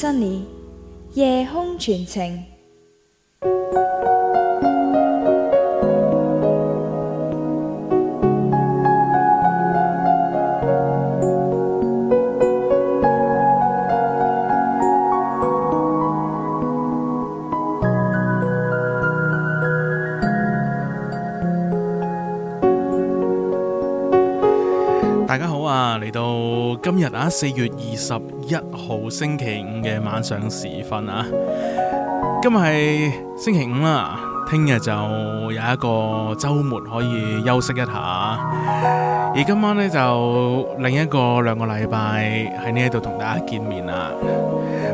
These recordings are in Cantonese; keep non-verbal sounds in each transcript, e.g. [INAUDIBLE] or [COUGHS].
Sunny 夜空傳情。今日啊，四月二十一號星期五嘅晚上時分啊，今日係星期五啦，聽日就有一個周末可以休息一下。而今晚咧就另一個兩個禮拜喺呢度同大家見面啦。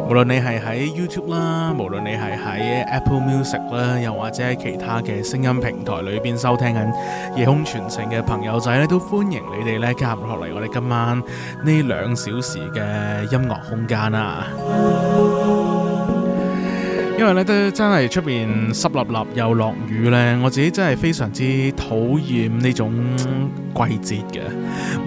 無論你係喺 YouTube 啦，無論你係喺 Apple Music 啦，又或者喺其他嘅聲音平台裏邊收聽緊《夜空傳情》嘅朋友仔咧，都歡迎你哋咧加入落嚟我哋今晚呢兩小時嘅音樂空間啦！因為咧都真係出邊濕立立又落雨咧，我自己真係非常之討厭呢種季節嘅。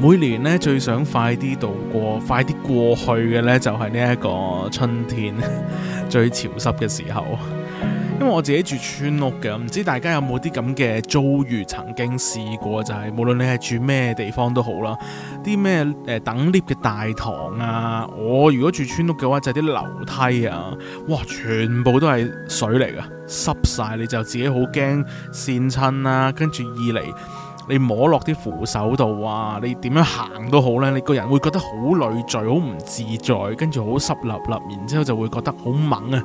每年咧最想快啲度過、快啲過去嘅咧，就係呢一個春天最潮濕嘅時候。因為我自己住村屋嘅，唔知大家有冇啲咁嘅遭遇，曾經試過就係、是、無論你係住咩地方都好啦，啲咩誒等 lift 嘅大堂啊，我如果住村屋嘅話就係啲樓梯啊，哇，全部都係水嚟㗎，濕晒你就自己好驚跣親啊。跟住二嚟你摸落啲扶手度啊，你點樣行都好咧，你個人會覺得好累贅，好唔自在，跟住好濕立立，然之後就會覺得好猛啊。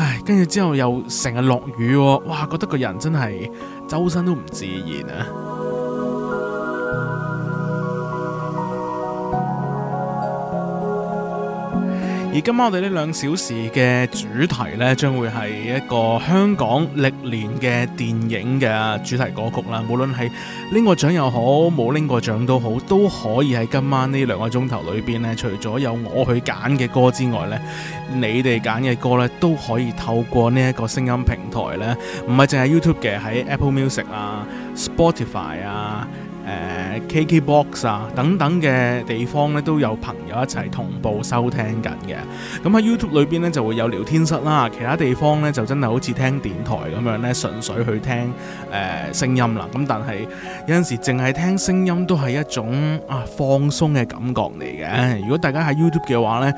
唉，跟住之後又成日落雨喎，哦，哇！覺得個人真係周身都唔自然啊～而今晚我哋呢兩小時嘅主題呢，將會係一個香港歷年嘅電影嘅主題歌曲啦。無論係拎過獎又好，冇拎過獎都好，都可以喺今晚呢兩個鐘頭裏邊呢，除咗有我去揀嘅歌之外呢，你哋揀嘅歌呢，都可以透過呢一個聲音平台呢，唔係淨係 YouTube 嘅，喺 Apple Music 啊、Spotify 啊。誒、uh, KKbox 啊等等嘅地方呢，都有朋友一齊同步收聽緊嘅。咁喺 YouTube 裏邊呢，就會有聊天室啦。其他地方呢，就真係好似聽電台咁樣呢，純粹去聽誒聲、呃、音啦。咁但係有陣時，淨係聽聲音都係一種啊放鬆嘅感覺嚟嘅。如果大家喺 YouTube 嘅話呢。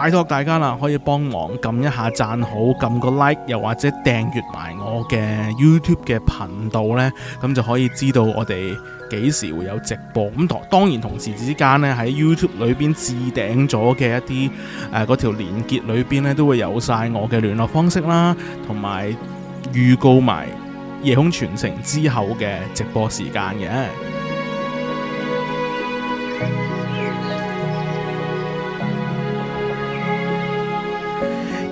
拜託大家啦，可以幫忙撳一下讚好，撳個 like，又或者訂閱埋我嘅 YouTube 嘅頻道呢，咁就可以知道我哋幾時會有直播。咁、嗯、同當然同時之間呢，喺 YouTube 裏邊置頂咗嘅一啲誒嗰條連結裏邊呢都會有晒我嘅聯絡方式啦，同埋預告埋夜空傳情之後嘅直播時間嘅。嗯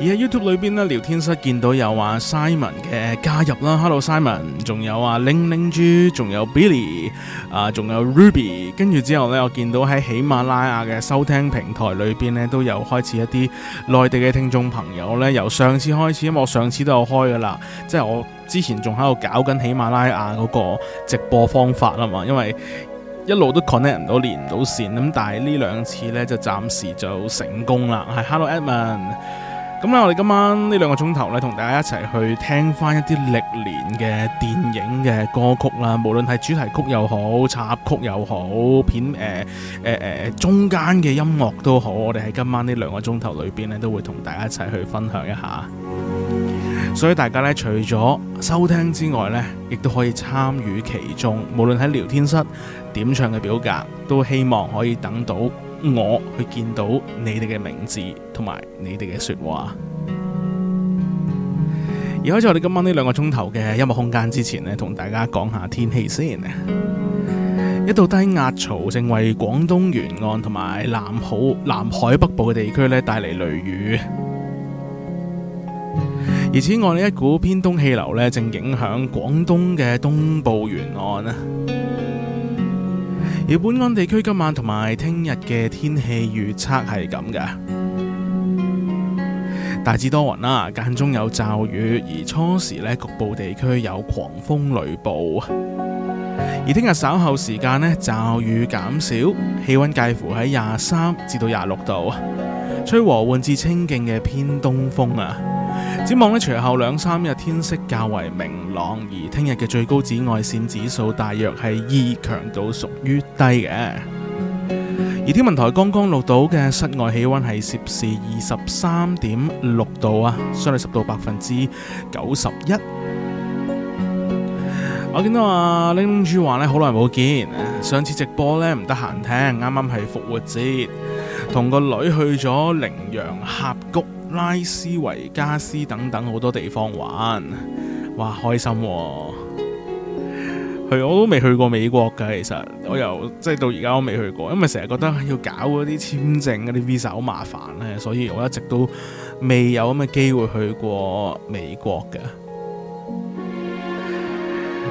喺 YouTube 裏邊咧，聊天室見到有阿、啊、Simon 嘅加入啦，Hello Simon，仲有啊，Ling Ling 豬，仲有 Billy，啊，仲有 Ruby，跟住之後呢，我見到喺喜馬拉雅嘅收聽平台裏邊咧，都有開始一啲內地嘅聽眾朋友呢，由上次開始，因為我上次都有開噶啦，即係我之前仲喺度搞緊喜馬拉雅嗰個直播方法啊嘛，因為一路都 connect 唔到，連唔到線咁，但係呢兩次呢，就暫時就成功啦，係 Hello Edmund。咁咧，我哋今晚呢兩個鐘頭咧，同大家一齊去聽翻一啲歷年嘅電影嘅歌曲啦，無論係主題曲又好，插曲又好，片誒誒誒中間嘅音樂都好，我哋喺今晚呢兩個鐘頭裏邊咧，都會同大家一齊去分享一下。所以大家咧，除咗收聽之外咧，亦都可以參與其中，無論喺聊天室點唱嘅表格，都希望可以等到。我去見到你哋嘅名字同埋你哋嘅說話，而喺我哋今晚呢兩個鐘頭嘅音樂空間之前呢，同大家講下天氣先。 [MUSIC] 一道低壓槽正為廣東沿岸同埋南海南海北部嘅地區咧帶嚟雷雨，而此外呢，一股偏東氣流咧正影響廣東嘅東部沿岸啊。而本港地區今晚同埋聽日嘅天氣預測係咁嘅，大致多雲啦、啊，間中有驟雨，而初時咧局部地區有狂風雷暴。而聽日稍後時間呢，驟雨減少，氣温介乎喺廿三至到廿六度，吹和緩至清勁嘅偏東風啊。展望呢，隨後兩三日天色較為明朗，而聽日嘅最高紫外線指數大約係二強度，屬於低嘅。而天文台剛剛錄到嘅室外氣溫係攝氏二十三點六度啊，相對濕度百分之九十一。我見到啊，拎豬話呢，好耐冇見，上次直播呢，唔得閒聽，啱啱係復活節，同個女去咗羚羊峽谷。拉斯維加斯等等好多地方玩，哇開心喎！去我都未去過美國嘅。其實我又即係到而家都未去過，因為成日覺得要搞嗰啲簽證嗰啲 Visa 好麻煩咧，所以我一直都未有咁嘅機會去過美國嘅。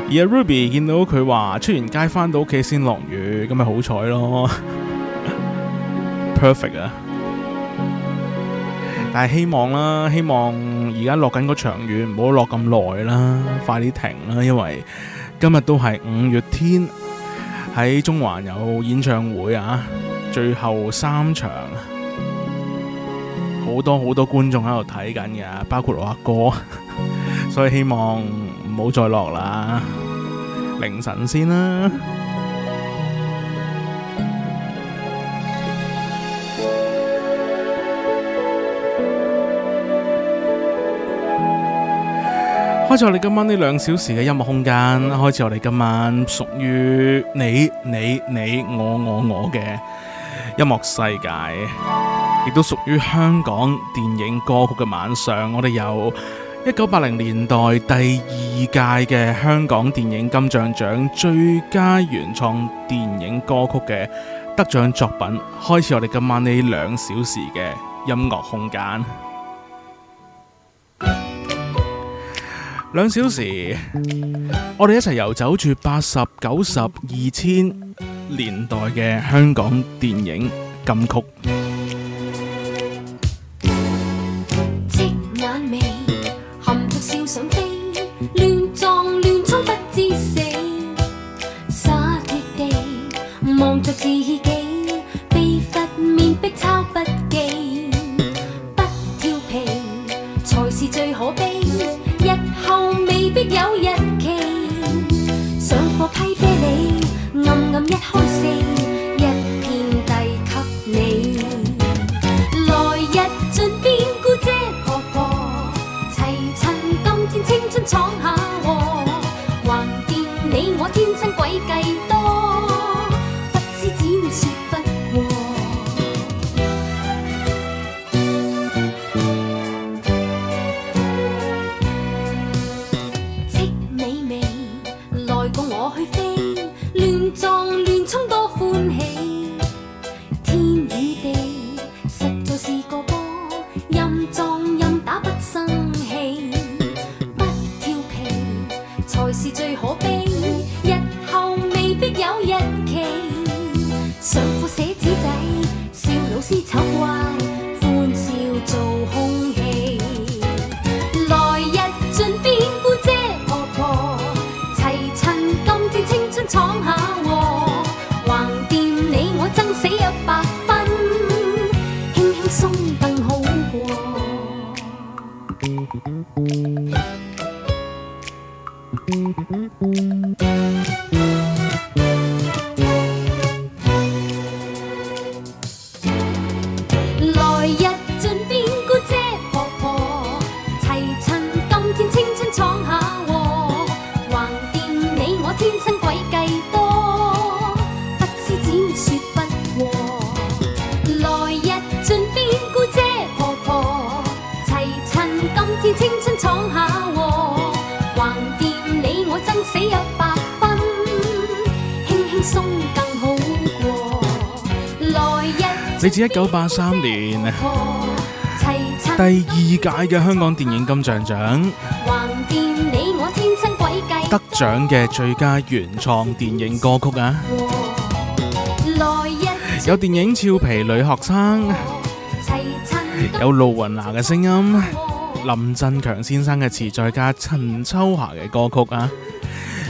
而阿 Ruby 見到佢話出完街翻到屋企先落雨，咁咪好彩咯 [LAUGHS] ，perfect 啊！但係希望啦，希望而家落緊嗰場雨唔好落咁耐啦，快啲停啦，因為今日都係五月天喺中環有演唱會啊，最後三場，好多好多觀眾喺度睇緊嘅，包括我阿哥，所以希望唔好再落啦，凌晨先啦。開始我哋今晚呢兩小時嘅音樂空間，開始我哋今晚屬於你、你、你、我、我、我嘅音樂世界，亦都屬於香港電影歌曲嘅晚上。我哋由一九八零年代第二屆嘅香港電影金像獎最佳原創電影歌曲嘅得獎作品開始，我哋今晚呢兩小時嘅音樂空間。兩小時，我哋一齊游走住八十九十二千年代嘅香港電影金曲。一九八三年，第二屆嘅香港電影金像獎得獎嘅最佳原創電影歌曲啊！有電影俏皮女學生，有盧雲娜嘅聲音，林振強先生嘅詞，再加陳秋霞嘅歌曲啊！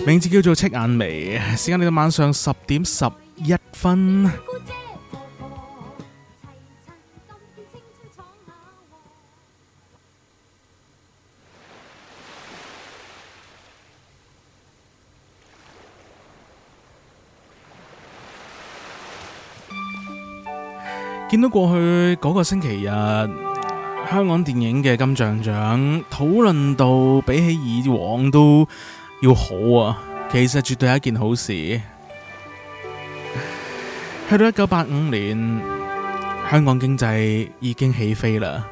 名字叫做《戚眼眉》，時間嚟到晚上十點十一分。見到過去嗰個星期日，香港電影嘅金像獎討論到比起以往都要好啊，其實絕對係一件好事。去到一九八五年，香港經濟已經起飛啦。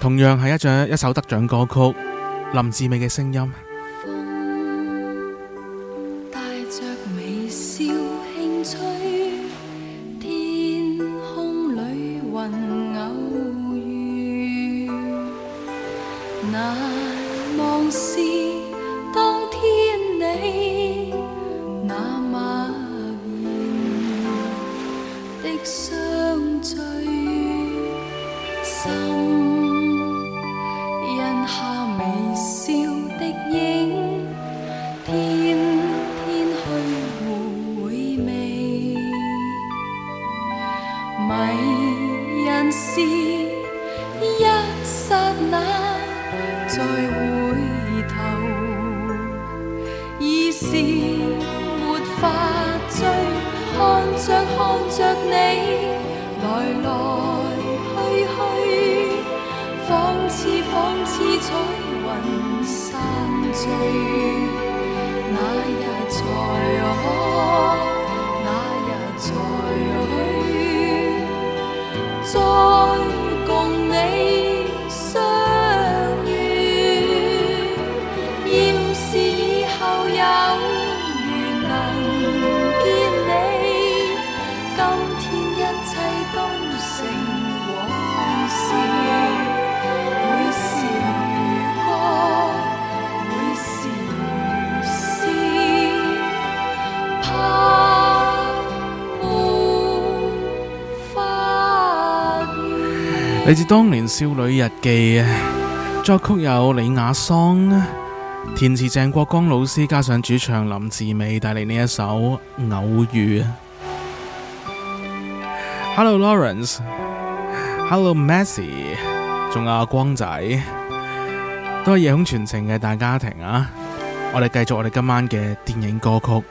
同樣係一隻一首得獎歌曲《林志美嘅聲音》。嚟自當年少女日記嘅作曲有李雅桑，填詞鄭國光老師加上主唱林志美，帶嚟呢一首《偶遇》。Hello Lawrence，Hello Messi，仲有阿光仔，都係夜空全程嘅大家庭啊！我哋繼續我哋今晚嘅電影歌曲。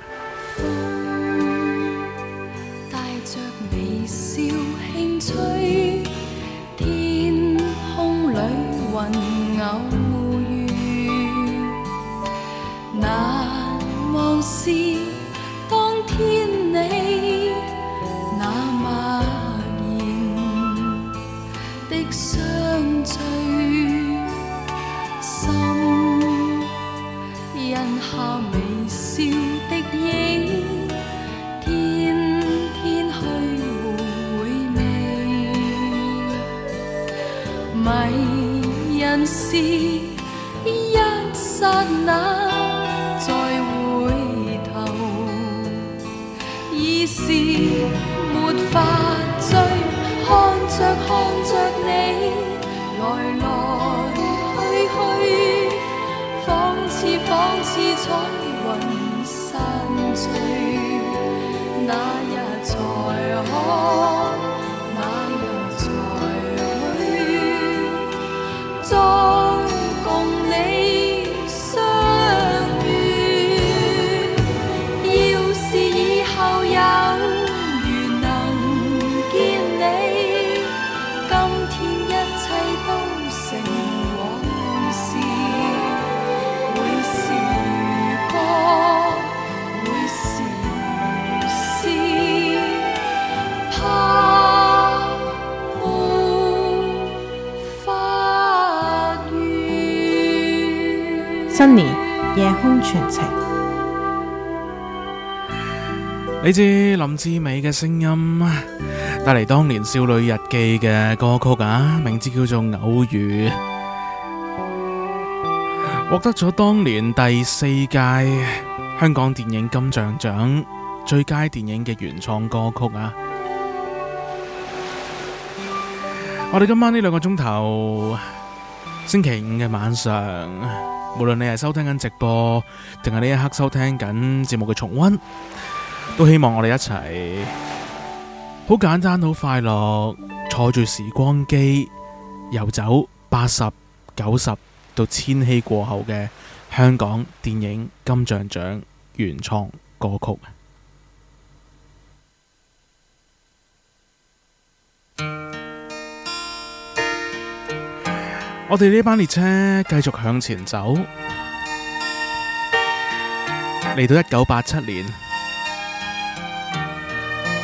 你知林志美嘅聲音帶嚟當年少女日記嘅歌曲啊，名字叫做《偶遇》，獲得咗當年第四屆香港電影金像獎最佳電影嘅原創歌曲啊。我哋今晚呢兩個鐘頭，星期五嘅晚上，無論你係收聽緊直播，定係呢一刻收聽緊節目嘅重溫。都希望我哋一齊，好簡單，好快樂，坐住時光機，遊走八十九十到千禧過後嘅香港電影金像獎原創歌曲。 [MUSIC] 我哋呢班列車繼續向前走，嚟到一九八七年。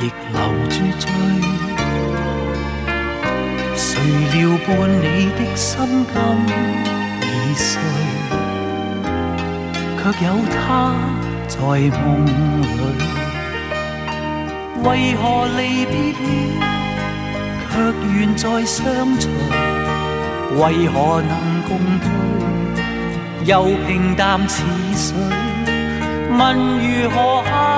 亦留住醉，誰料伴你的心今已碎，卻有他在夢裏。為何離別了卻願再相隨？為何能共對又平淡似水？問如何？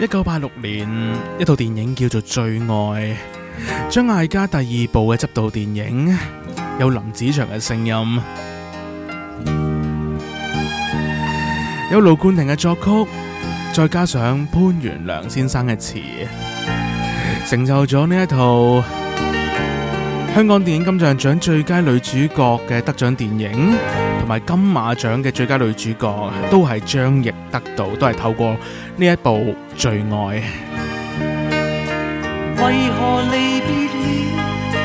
一九八六年，一套電影叫做《最愛》，張艾嘉第二部嘅執導電影，有林子祥嘅聲音，有盧冠廷嘅作曲，再加上潘源良先生嘅詞，成就咗呢一套香港電影金像獎最佳女主角嘅得獎電影。同埋金馬獎嘅最佳女主角都係張亦得到，都係透過呢一部《最愛》。為何離別了，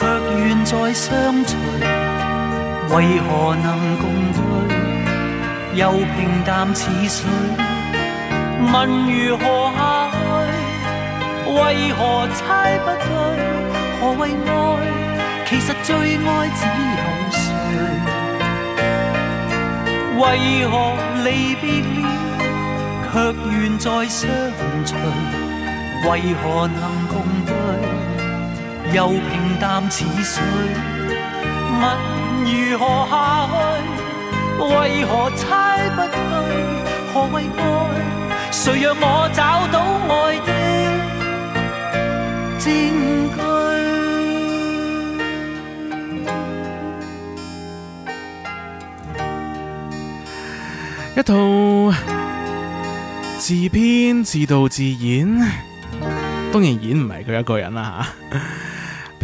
卻願再相隨？為何能共對，又平淡似水？問如何下去？為何猜不對？何謂愛？其實最愛只有。為何離別了，卻願再相隨？為何能共對，又平淡似水？問如何下去？為何猜不對？何謂愛？誰讓我找到愛的證據？一套自編自導自演，當然演唔係佢一個人啦吓，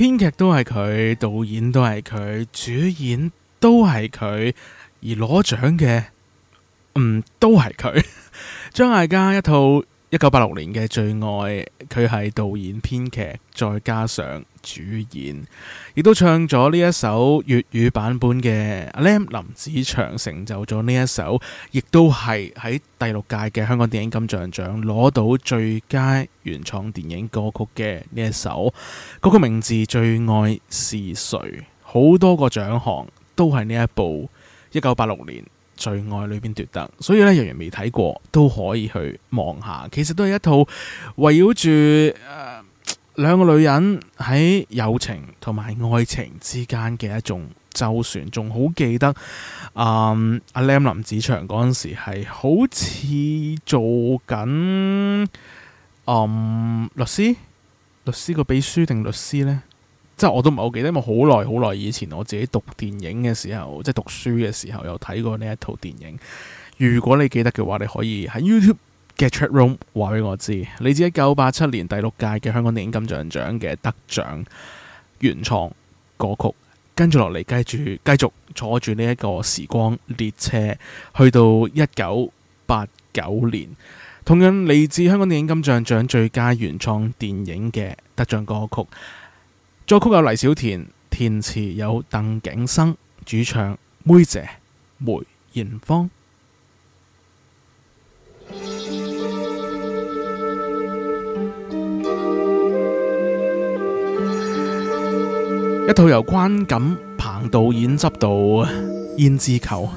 編 [LAUGHS] 劇都係佢，導演都係佢，主演都係佢，而攞獎嘅，嗯，都係佢。張艾嘉一套一九八六年嘅《最愛》，佢係導演、編劇，再加上。主演，亦都唱咗呢一首粵語版本嘅，阿 Lam 林子祥成就咗呢一首，亦都係喺第六屆嘅香港電影金像獎攞到最佳原創電影歌曲嘅呢一首，嗰個名字《最愛是誰》，好多個獎項都係呢一部一九八六年《最愛》裏邊奪得，所以咧，若然未睇過都可以去望下，其實都係一套圍繞住誒。呃兩個女人喺友情同埋愛情之間嘅一種周旋，仲好記得，嗯，阿 Lam 林子祥嗰陣時係好似做緊，嗯，律師，律師個秘書定律師呢？即係我都唔係好記得，因為好耐好耐以前我自己讀電影嘅時候，即係讀書嘅時候，有睇過呢一套電影。如果你記得嘅話，你可以喺 YouTube。嘅 e chat room 話俾我知，嚟自一九八七年第六屆嘅香港電影金像獎嘅得獎原創歌曲，跟住落嚟繼續繼續坐住呢一個時光列車，去到一九八九年，同樣嚟自香港電影金像獎最佳原創電影嘅得獎歌曲，作曲有黎小田，填詞有鄧景生，主唱梅姐梅艷芳。一套由關錦鵬導演執導嘅《胭脂扣》啊。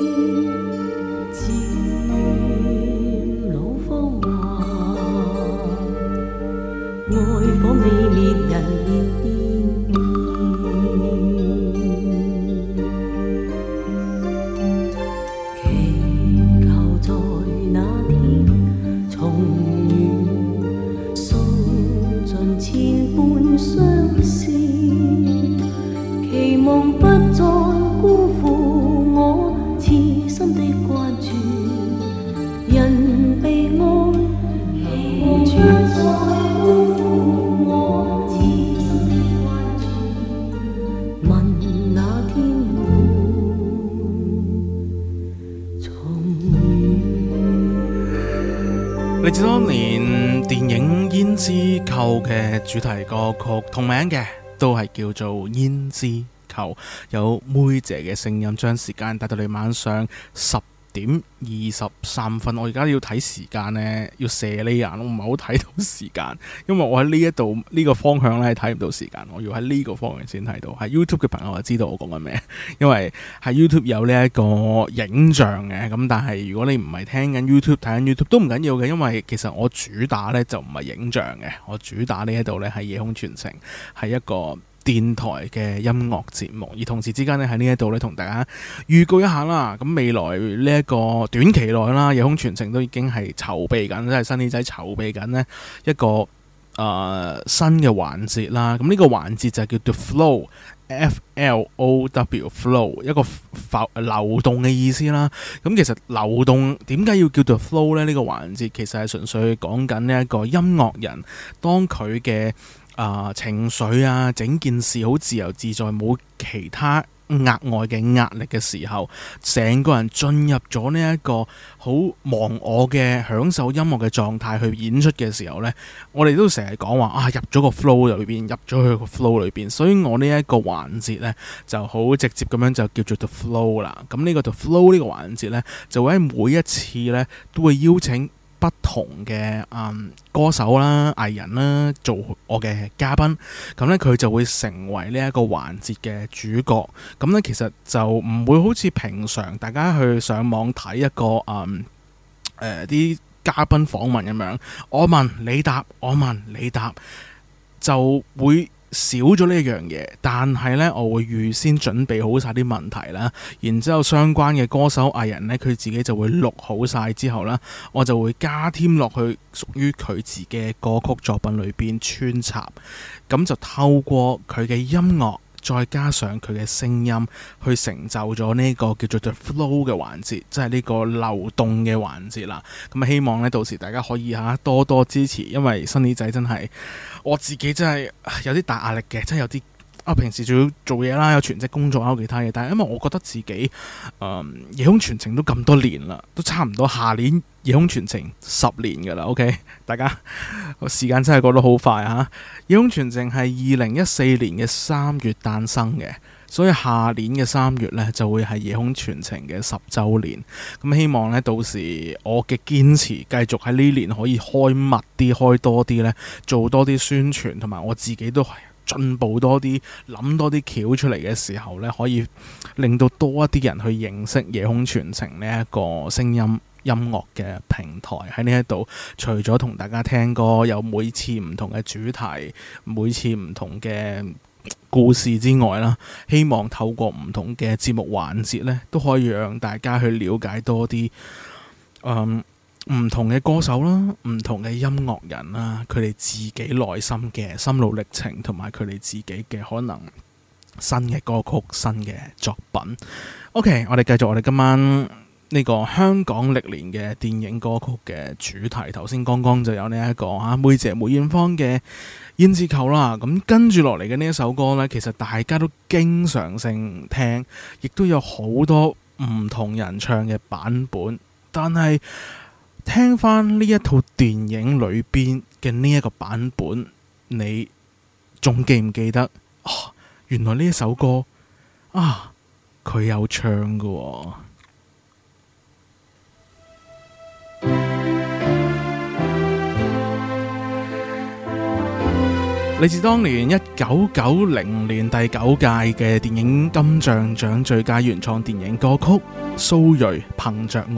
主題歌曲同名嘅，都係叫做《胭脂扣》，有梅姐嘅聲音，將時間帶到你晚上十。點二十三分，我而家要睇時間呢，要射你眼，我唔係好睇到時間，因為我喺呢一度呢個方向呢，睇唔到時間，我要喺呢個方向先睇到。喺 YouTube 嘅朋友就知道我講緊咩，因為喺 YouTube 有呢一個影像嘅，咁但係如果你唔係聽緊 YouTube 睇緊 YouTube 都唔緊要嘅，因為其實我主打呢就唔係影像嘅，我主打呢喺度呢，係夜空傳情，係一個。電台嘅音樂節目，而同時之間咧喺呢一度咧，同大家預告一下啦。咁未來呢一個短期內啦，夜空傳情都已經係籌備緊，即係新啲仔籌備緊呢一個誒、呃、新嘅環節啦。咁、這、呢個環節就叫做 flow，f l o w flow，一個流流動嘅意思啦。咁其實流動點解要叫做、The、flow 呢？呢、這個環節其實係純粹講緊呢一個音樂人當佢嘅。啊、呃，情緒啊，整件事好自由自在，冇其他額外嘅壓力嘅時候，成個人進入咗呢一個好忘我嘅享受音樂嘅狀態去演出嘅時候呢，我哋都成日講話啊，入咗個 flow 入邊，入咗去個 flow 裏邊，所以我呢一個環節呢，就好直接咁樣就叫做 the flow 啦。咁呢個 the flow 呢個環節呢，就會喺每一次呢，都會邀請，不同嘅嗯歌手啦、藝人啦做我嘅嘉賓，咁呢，佢就會成為呢一個環節嘅主角。咁呢，其實就唔會好似平常大家去上網睇一個嗯、呃、啲嘉賓訪問咁樣，我問你答，我問你答就會。少咗呢一樣嘢，但係咧，我會預先準備好晒啲問題啦，然之後相關嘅歌手藝人咧，佢自己就會錄好晒之後咧，我就會加添落去屬於佢自己嘅歌曲作品裏邊穿插，咁就透過佢嘅音樂。再加上佢嘅聲音，去成就咗呢個叫做做 flow 嘅環節，即係呢個流動嘅環節啦。咁、嗯、啊，希望咧到時大家可以吓多多支持，因為 Sunny 仔真係我自己真係有啲大壓力嘅，真係有啲。平時仲要做嘢啦，有全職工作，有其他嘢。但係因為我覺得自己，嗯，夜空傳情都咁多年啦，都差唔多下年夜空傳情十年㗎喇。OK，大家時間真係過得好快吓。夜空傳情係二零一四年嘅三月誕生嘅，所以下年嘅三月呢就會係夜空傳情嘅十周年。咁希望呢，到時我嘅堅持繼續喺呢年可以開密啲，開多啲呢，做多啲宣傳，同埋我自己都係。進步多啲，諗多啲橋出嚟嘅時候呢，可以令到多一啲人去認識夜空傳情呢一個聲音音樂嘅平台喺呢一度。除咗同大家聽歌，有每次唔同嘅主題，每次唔同嘅故事之外啦，希望透過唔同嘅節目環節呢都可以讓大家去了解多啲。嗯。唔同嘅歌手啦，唔同嘅音樂人啦，佢哋自己內心嘅心路歷程，同埋佢哋自己嘅可能新嘅歌曲、新嘅作品。OK，我哋繼續我哋今晚呢、這個香港歷年嘅電影歌曲嘅主題。頭先剛剛就有呢、這、一個吓、啊，梅姐梅艷芳嘅《胭脂扣》啦。咁、嗯、跟住落嚟嘅呢一首歌呢，其實大家都經常性聽，亦都有好多唔同人唱嘅版本，但係。聽翻呢一套電影裏邊嘅呢一個版本，你仲記唔記得？哦，原來呢一首歌啊，佢有唱嘅、哦。嚟 [MUSIC] 自當年一九九零年第九屆嘅電影金像獎最佳原創電影歌曲《蘇芮憑着愛》。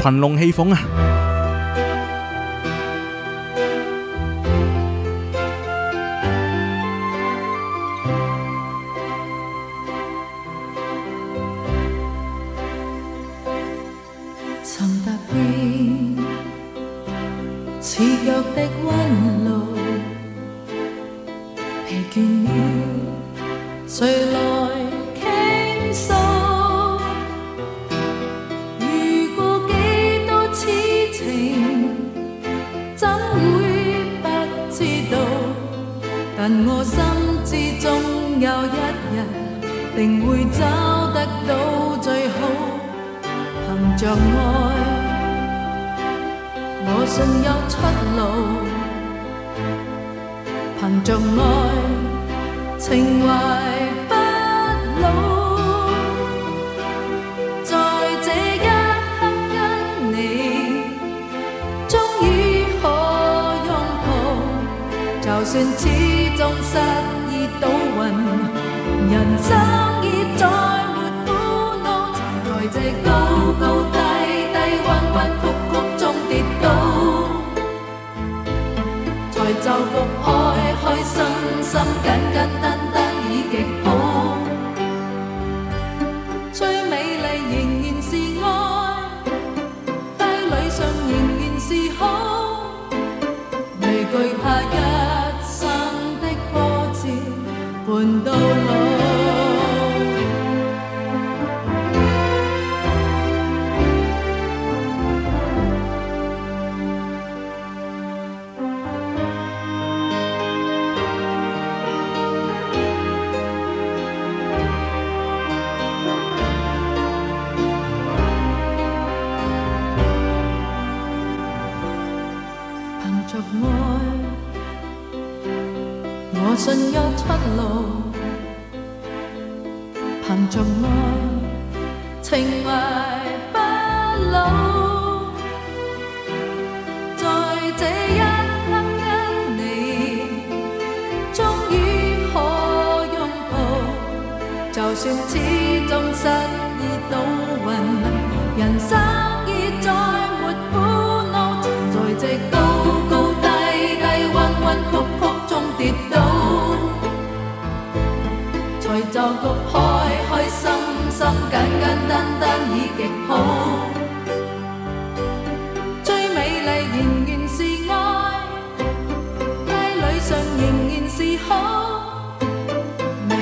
群龍戲鳳啊！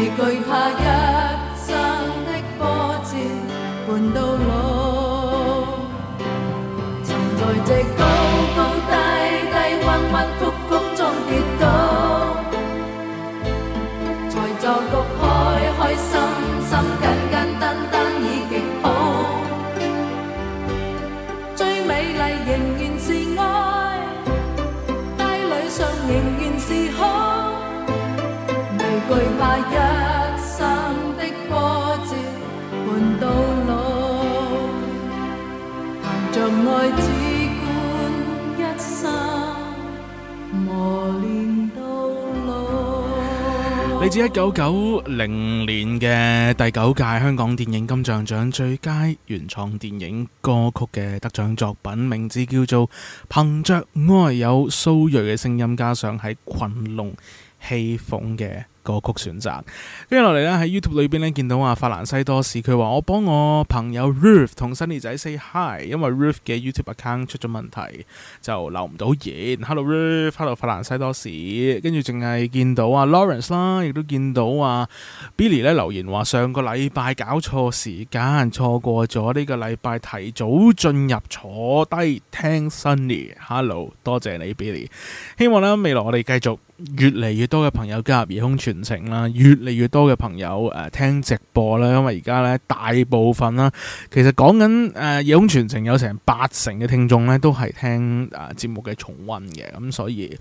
未懼怕一。至一九九零年嘅第九屆香港電影金像獎最佳原創電影歌曲嘅得獎作品，名字叫做《憑着愛》，有蘇芮嘅聲音，加上喺群龍戲鳳嘅。歌曲選擇跟住落嚟咧，喺 YouTube 裏邊咧見到啊，法蘭西多士佢話，我幫我朋友 Ruth 同 Sunny 仔 say hi，因為 Ruth 嘅 YouTube account 出咗問題就留唔到言。Hello Ruth，Hello 法蘭西多士，跟住淨係見到啊 Lawrence 啦，亦都見到啊 Billy 咧留言話上個禮拜搞錯時間，錯過咗呢個禮拜，提早進入坐低聽 Sunny。Hello，多謝你 Billy，希望呢未來我哋繼續。越嚟越多嘅朋友加入夜空傳情啦，越嚟越多嘅朋友誒、呃、聽直播啦，因為而家咧大部分啦，其實講緊誒夜空傳情有成八成嘅聽眾咧都係聽誒、呃、節目嘅重温嘅。咁所以誒、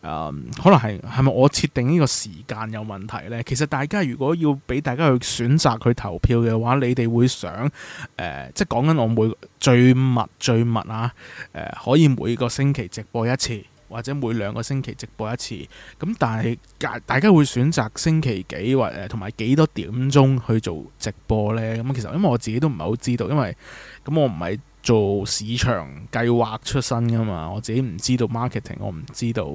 呃、可能係係咪我設定呢個時間有問題咧？其實大家如果要俾大家去選擇去投票嘅話，你哋會想誒、呃、即係講緊我每最密最密啊誒、呃、可以每個星期直播一次？或者每兩個星期直播一次，咁但係大家會選擇星期幾或同埋幾多點鐘去做直播呢？咁其實因為我自己都唔係好知道，因為咁我唔係做市場計劃出身㗎嘛，我自己唔知道 marketing，我唔知道。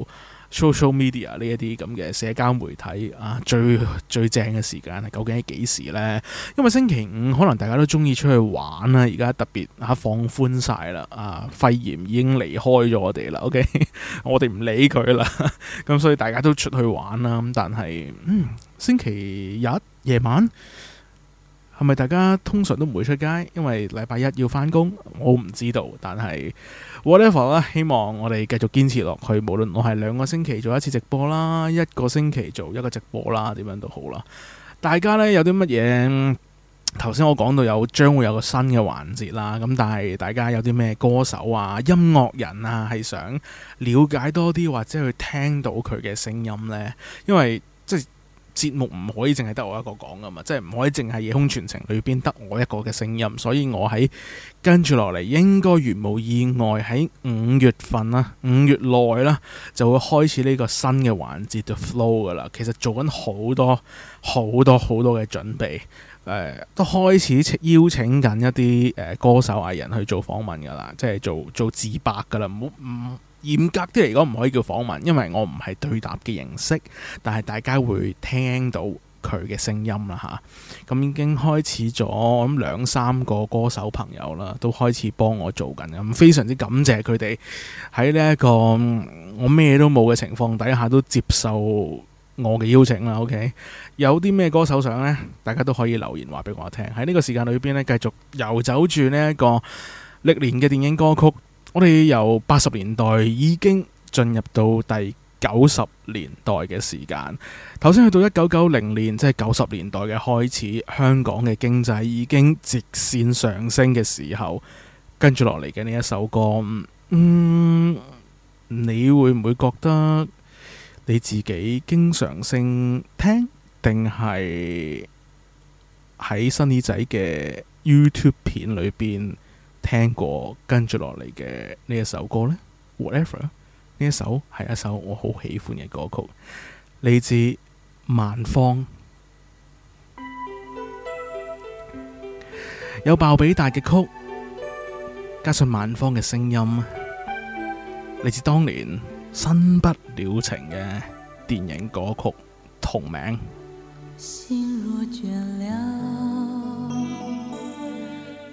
social media 呢一啲咁嘅社交媒體啊，最最正嘅時間係究竟係幾時呢？因為星期五可能大家都中意出去玩啦，而家特別嚇、啊、放寬晒啦，啊，肺炎已經離開咗我哋啦，OK， [LAUGHS] 我哋唔理佢啦，咁 [LAUGHS] 所以大家都出去玩啦。咁但係、嗯、星期日夜晚。係咪大家通常都唔會出街？因為禮拜一要返工，我唔知道。但係 whatever 啦，希望我哋繼續堅持落去，無論我係兩個星期做一次直播啦，一個星期做一個直播啦，點樣都好啦。大家呢有啲乜嘢？頭先我講到有將會有個新嘅環節啦。咁但係大家有啲咩歌手啊、音樂人啊，係想了解多啲或者去聽到佢嘅聲音呢？因為即係。節目唔可以淨係得我一個講噶嘛，即係唔可以淨係夜空全程裏邊得我一個嘅聲音，所以我喺跟住落嚟，應該元冇意外喺五月份啦，五月內啦就會開始呢個新嘅環節嘅 flow 噶啦。其實做緊好多好多好多嘅準備，誒、呃，都開始邀請緊一啲誒歌手藝人去做訪問噶啦，即係做做自白噶啦，唔好唔。嚴格啲嚟講唔可以叫訪問，因為我唔係對答嘅形式，但係大家會聽到佢嘅聲音啦吓，咁、嗯、已經開始咗，咁兩三個歌手朋友啦，都開始幫我做緊，咁、嗯、非常之感謝佢哋喺呢一個我咩都冇嘅情況底下都接受我嘅邀請啦。OK，有啲咩歌手想呢？大家都可以留言話俾我聽。喺呢個時間裏邊呢，繼續遊走住呢一個歷年嘅電影歌曲。我哋由八十年代已經進入到第九十年代嘅時間，頭先去到一九九零年，即係九十年代嘅開始，香港嘅經濟已經直綫上升嘅時候，跟住落嚟嘅呢一首歌，嗯，你會唔會覺得你自己經常性聽，定係喺新耳仔嘅 YouTube 片裏邊？聽過，跟住落嚟嘅呢一首歌呢，whatever，呢一首係一首我好喜歡嘅歌曲，嚟自萬芳，有鮑比達嘅曲，加上萬芳嘅聲音，嚟自當年《新不了情》嘅電影歌曲同名。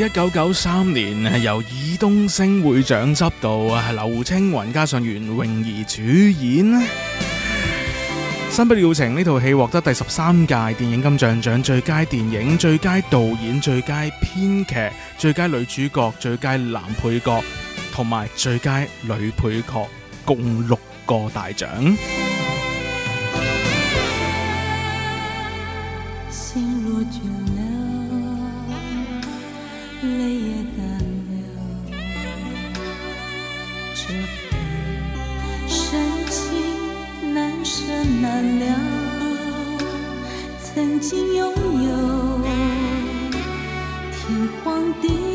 一九九三年係由爾冬陞會長執導啊，劉青雲加上袁詠儀主演《新不了情》呢套戲，獲得第十三屆電影金像獎最佳電影、最佳導演、最佳編劇、最佳女主角、最佳男配角同埋最佳女配角，共六個大獎。曾經擁有，天荒地。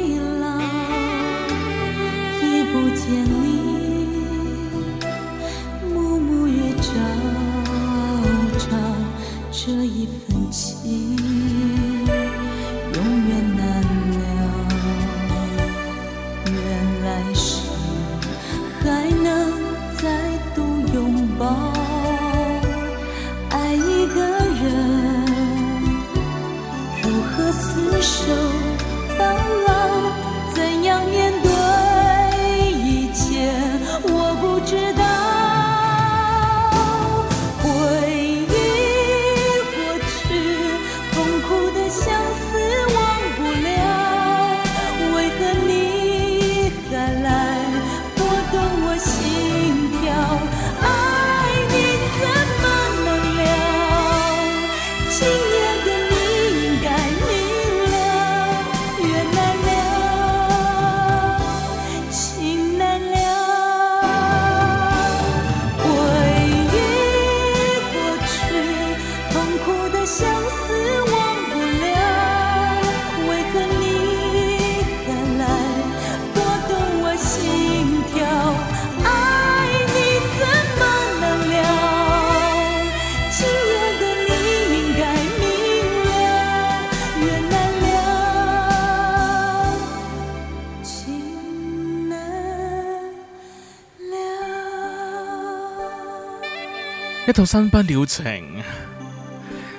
新不了情，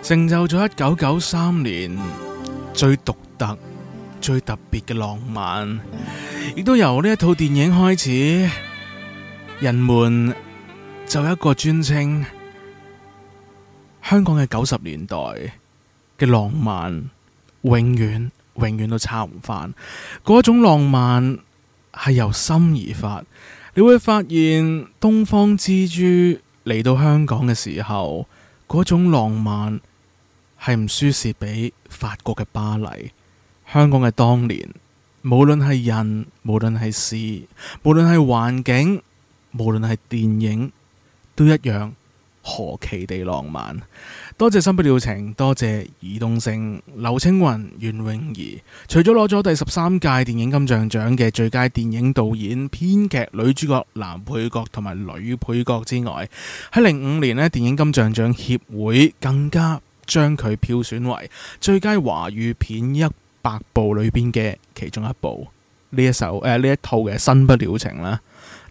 成就咗一九九三年最獨特、最特別嘅浪漫，亦都由呢一套電影開始，人們就一個尊稱香港嘅九十年代嘅浪漫，永遠、永遠都抄唔返。嗰種浪漫係由心而發，你會發現東方之珠。嚟到香港嘅時候，嗰種浪漫係唔輸蝕俾法國嘅巴黎。香港嘅當年，無論係人，無論係事，無論係環境，無論係電影，都一樣何其地浪漫。多謝《新不了情》，多謝爾冬陞，劉青雲、袁詠儀。除咗攞咗第十三屆電影金像獎嘅最佳電影導演、編劇、女主角、男配角同埋女配角之外，喺零五年呢，電影金像獎協會更加將佢票選為最佳華語片一百部裏邊嘅其中一部。呢一首誒呢、呃、一套嘅《新不了情》啦，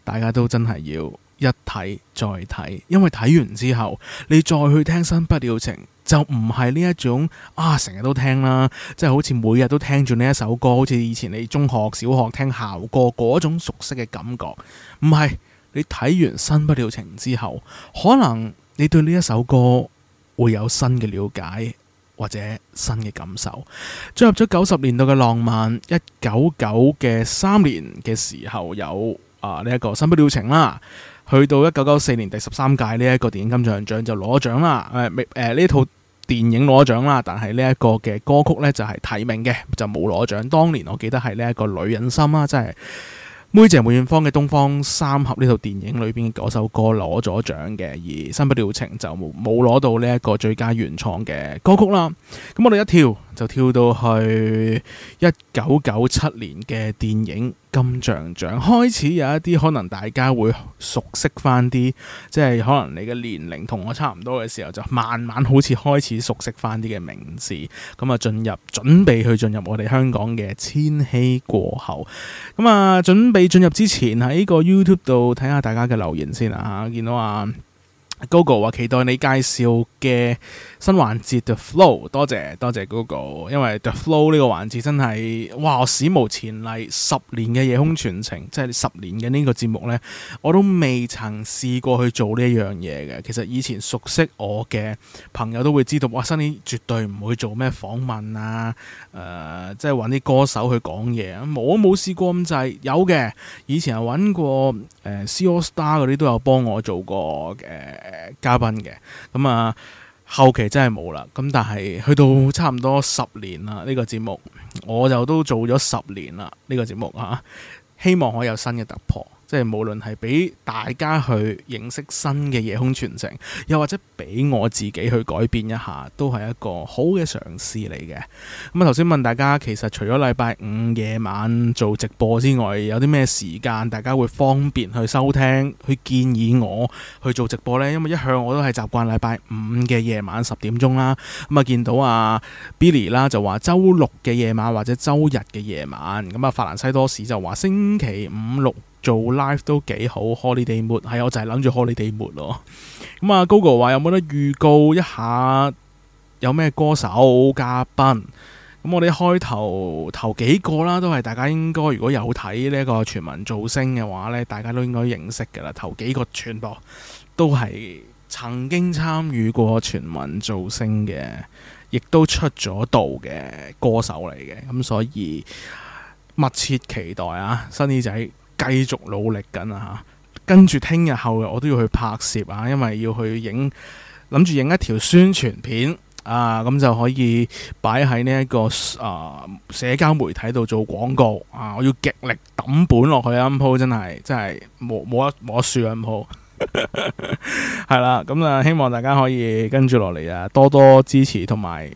大家都真係要。一睇再睇，因為睇完之後，你再去聽《新不了情》，就唔係呢一種啊，成日都聽啦，即係好似每日都聽住呢一首歌，好似以前你中學、小學聽校歌嗰種熟悉嘅感覺。唔係你睇完《新不了情》之後，可能你對呢一首歌會有新嘅了解或者新嘅感受。進入咗九十年代嘅浪漫，一九九嘅三年嘅時候有，有啊呢一、這個《新不了情》啦。去到一九九四年第十三屆呢一個電影金像獎就攞獎啦，誒誒呢套電影攞獎啦，但係呢一個嘅歌曲呢就係提名嘅就冇攞獎。當年我記得係呢一個《女人心》啊，即係梅姐梅艷芳嘅《東方三俠》呢套電影裏邊嗰首歌攞咗獎嘅，而《新不了情》就冇攞到呢一個最佳原創嘅歌曲啦。咁我哋一跳。就跳到去一九九七年嘅電影《金像獎》，開始有一啲可能大家會熟悉翻啲，即係可能你嘅年齡同我差唔多嘅時候，就慢慢好似開始熟悉翻啲嘅名字，咁啊進入準備去進入我哋香港嘅千禧過後，咁啊準備進入之前喺個 YouTube 度睇下大家嘅留言先啊，見到啊。Google 話，期待你介紹嘅新環節 The Flow，多謝多謝 Google，因為 The Flow 呢個環節真係哇，我史無前例，十年嘅夜空全程，即係十年嘅呢個節目呢，我都未曾試過去做呢樣嘢嘅。其實以前熟悉我嘅朋友都會知道，哇 Sunny 絕對唔會做咩訪問啊，誒、呃，即係揾啲歌手去講嘢，我冇試過咁滯。有嘅，以前係揾過 C All Star 嗰啲都有幫我做過嘅。嘉賓嘅，咁啊後期真係冇啦，咁但係去到差唔多十年啦，呢個節目我就都做咗十年啦，呢個節目嚇，希望可以有新嘅突破。即係無論係俾大家去認識新嘅夜空傳情，又或者俾我自己去改變一下，都係一個好嘅嘗試嚟嘅。咁、嗯、啊，頭先問大家，其實除咗禮拜五夜晚做直播之外，有啲咩時間大家會方便去收聽？去建議我去做直播呢？因為一向我都係習慣禮拜五嘅夜晚十點鐘啦。咁、嗯、啊，見到啊 Billy 啦，就話周六嘅夜晚或者周日嘅夜晚咁啊、嗯，法蘭西多士就話星期五六。做 live 都幾好，holiday mood 係我就係諗住 holiday mood 咯。咁 [LAUGHS] 啊、嗯、，Google 話有冇得預告一下有咩歌手嘉賓？咁、嗯、我哋開頭頭幾個啦，都係大家應該如果有睇呢、這個全民造星嘅話呢，大家都應該認識噶啦。頭幾個全部都係曾經參與過全民造星嘅，亦都出咗道嘅歌手嚟嘅，咁、嗯、所以密切期待啊，新耳仔。繼續努力緊啊！跟住聽日後日我都要去拍攝啊，因為要去影諗住影一條宣傳片啊，咁就可以擺喺呢一個啊社交媒體度做廣告啊。我要極力揼本落去啊！鋪真係真係冇得冇得輸啊！鋪係啦，咁啊， [LAUGHS] [LAUGHS] 就希望大家可以跟住落嚟啊，多多支持同埋。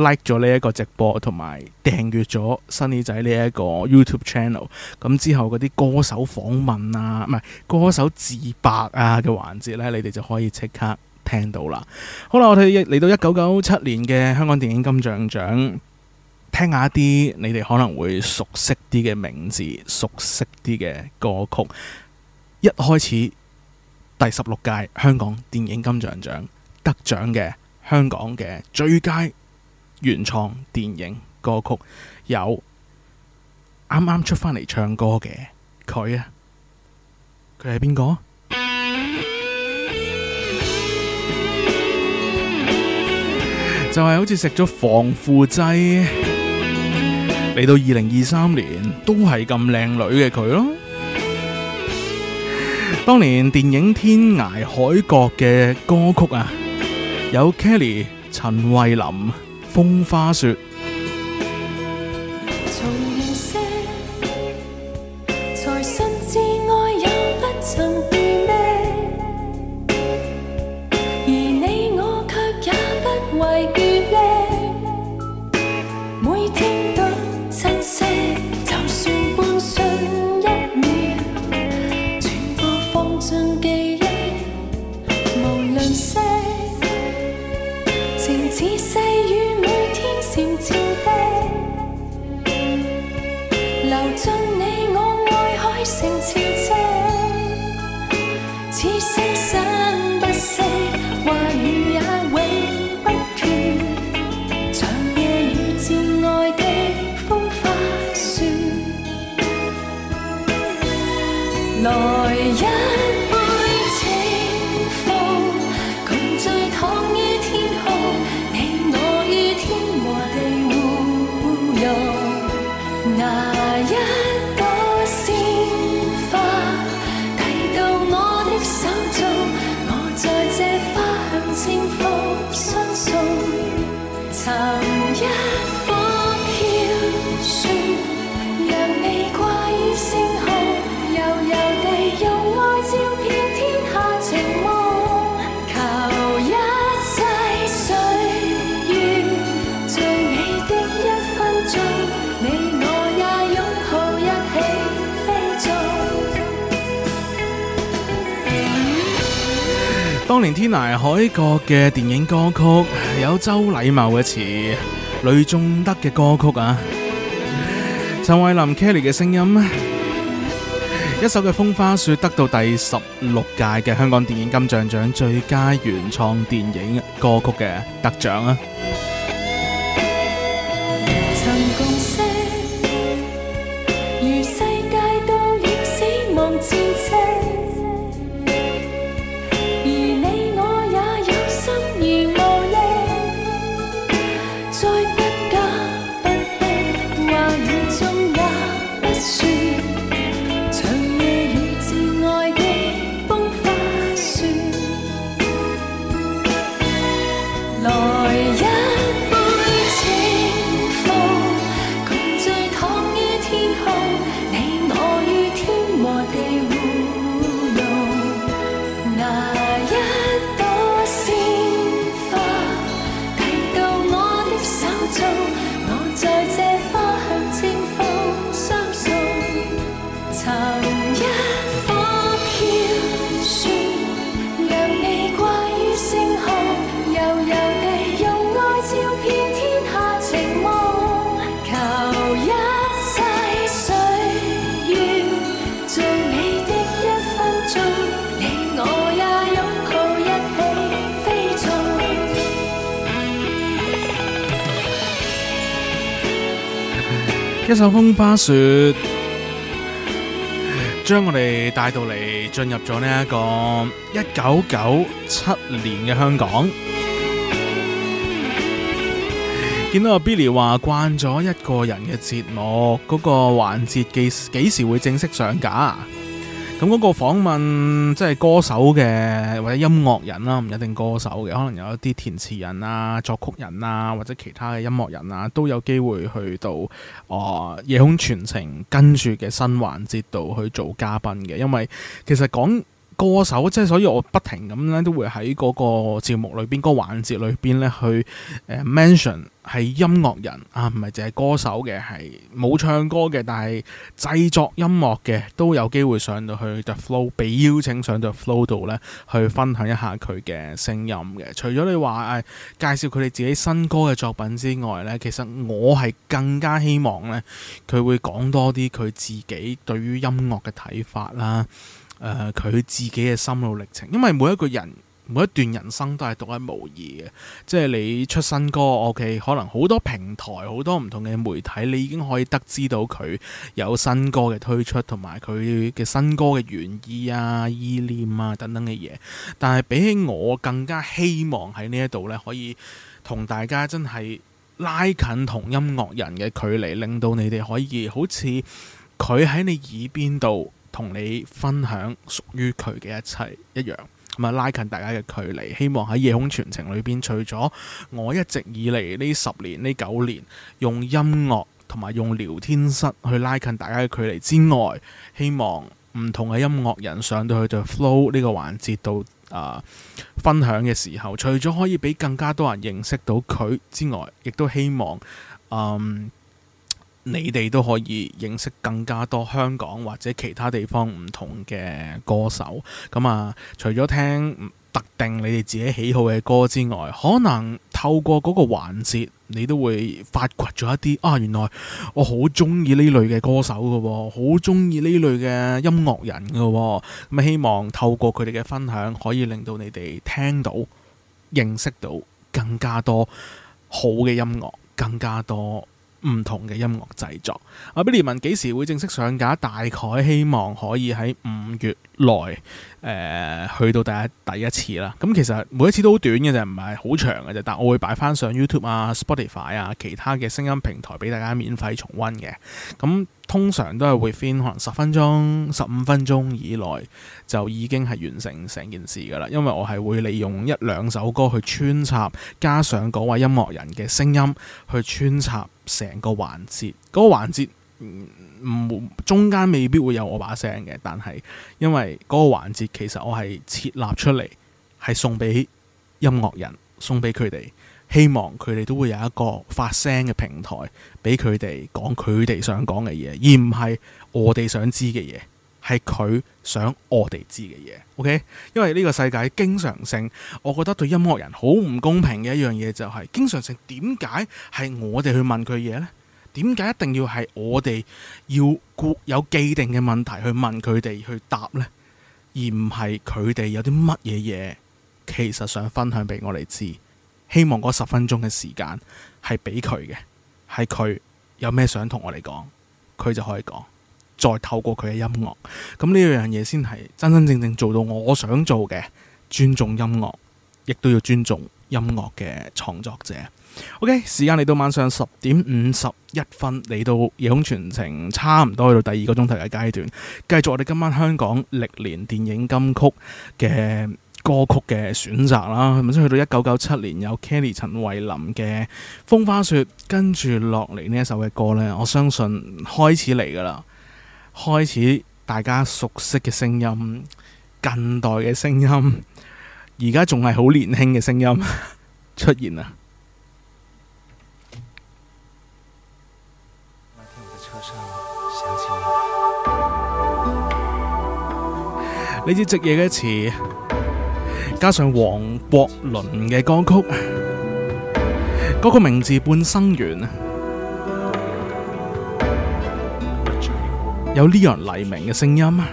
like 咗呢一個直播，同埋訂閱咗 Sunny 仔呢一個 YouTube Channel。咁之後，嗰啲歌手訪問啊，唔係歌手自白啊嘅環節呢，你哋就可以即刻聽到啦。好啦，我哋嚟到一九九七年嘅香港電影金像獎，聽下一啲你哋可能會熟悉啲嘅名字，熟悉啲嘅歌曲。一開始第十六屆香港電影金像獎得獎嘅香港嘅最佳原創電影歌曲，有啱啱出翻嚟唱歌嘅佢啊，佢係邊個？ [MUSIC] 就係好似食咗防腐劑，嚟到二零二三年都係咁靚女嘅佢咯。當年電影《天涯海角》嘅歌曲啊，有 Kelly 陳慧琳。風花雪。《天涯海角》嘅電影歌曲，有周禮茂嘅詞，呂中德嘅歌曲啊，陳慧琳 Kelly 嘅聲音，一首嘅《風花雪》得到第十六屆嘅香港電影金像獎最佳原創電影歌曲嘅得獎啊！風花雪將我哋帶到嚟，進入咗呢一個一九九七年嘅香港。見到阿 Billy 話慣咗一個人嘅節目，嗰、那個環節幾時幾時會正式上架？咁嗰個訪問即係歌手嘅或者音樂人啦，唔一定歌手嘅，可能有一啲填詞人啊、作曲人啊或者其他嘅音樂人啊，都有機會去到啊、呃、夜空全程跟住嘅新環節度去做嘉賓嘅。因為其實講歌手即係，所以我不停咁咧都會喺嗰個節目裏邊、個環節裏邊咧去誒 mention。係音樂人啊，唔係淨係歌手嘅，係冇唱歌嘅，但係製作音樂嘅都有機會上到去 The Flow，畀邀請上到 The Flow 度咧，去分享一下佢嘅聲音嘅。除咗你話誒、啊、介紹佢哋自己新歌嘅作品之外咧，其實我係更加希望咧，佢會講多啲佢自己對於音樂嘅睇法啦，誒、呃、佢自己嘅心路歷程，因為每一個人。每一段人生都係獨一無二嘅，即係你出新歌，O.K. 可能好多平台，好多唔同嘅媒體，你已經可以得知到佢有新歌嘅推出，同埋佢嘅新歌嘅原意啊，意念啊等等嘅嘢。但係比起我更加希望喺呢一度咧，可以同大家真係拉近同音樂人嘅距離，令到你哋可以好似佢喺你耳邊度同你分享屬於佢嘅一切一樣。咁啊，拉近大家嘅距離，希望喺夜空傳情裏邊，除咗我一直以嚟呢十年呢九年用音樂同埋用聊天室去拉近大家嘅距離之外，希望唔同嘅音樂人上到去在 flow 呢個環節度啊，分享嘅時候，除咗可以俾更加多人認識到佢之外，亦都希望嗯。你哋都可以認識更加多香港或者其他地方唔同嘅歌手，咁啊，除咗聽特定你哋自己喜好嘅歌之外，可能透過嗰個環節，你都會發掘咗一啲啊，原來我好中意呢類嘅歌手㗎喎，好中意呢類嘅音樂人㗎喎，咁希望透過佢哋嘅分享，可以令到你哋聽到認識到更加多好嘅音樂，更加多。唔同嘅音樂製作，阿 Billy 問幾時會正式上架？大概希望可以喺五月內誒、呃、去到第一第一次啦。咁、嗯、其實每一次都好短嘅啫，唔係好長嘅啫。但我會擺翻上 YouTube 啊、Spotify 啊其他嘅聲音平台俾大家免費重溫嘅。咁、嗯。通常都係會 fin 可能十分鐘十五分鐘以內就已經係完成成件事噶啦，因為我係會利用一兩首歌去穿插，加上嗰位音樂人嘅聲音去穿插成個環節，嗰個環節唔、嗯、中間未必會有我把聲嘅，但係因為嗰個環節其實我係設立出嚟，係送俾音樂人，送俾佢哋。希望佢哋都會有一個發聲嘅平台，俾佢哋講佢哋想講嘅嘢，而唔係我哋想知嘅嘢，係佢想我哋知嘅嘢。OK，因為呢個世界經常性，我覺得對音樂人好唔公平嘅一樣嘢就係、是、經常性，點解係我哋去問佢嘢呢？點解一定要係我哋要固有既定嘅問題去問佢哋去答呢？而唔係佢哋有啲乜嘢嘢，其實想分享俾我哋知。希望嗰十分鐘嘅時間係俾佢嘅，係佢有咩想同我哋講，佢就可以講，再透過佢嘅音樂，咁呢樣嘢先係真真正正做到我想做嘅，尊重音樂，亦都要尊重音樂嘅創作者。OK，時間嚟到晚上十點五十一分，嚟到夜空傳情差唔多去到第二個鐘頭嘅階段，繼續我哋今晚香港歷年電影金曲嘅。歌曲嘅選擇啦，係咪先？去到一九九七年有 Kelly 陳慧琳嘅《風花雪》，跟住落嚟呢一首嘅歌呢，我相信開始嚟噶啦，開始大家熟悉嘅聲音，近代嘅聲音，而家仲係好年輕嘅聲音出現啊！呢啲直嘢嘅詞。加上黃博倫嘅歌曲，嗰、那個名字《半生緣》有呢樣黎明嘅聲音啊。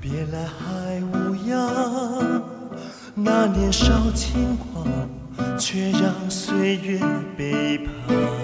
別來還無恙，那年少輕狂，卻讓歲月背叛。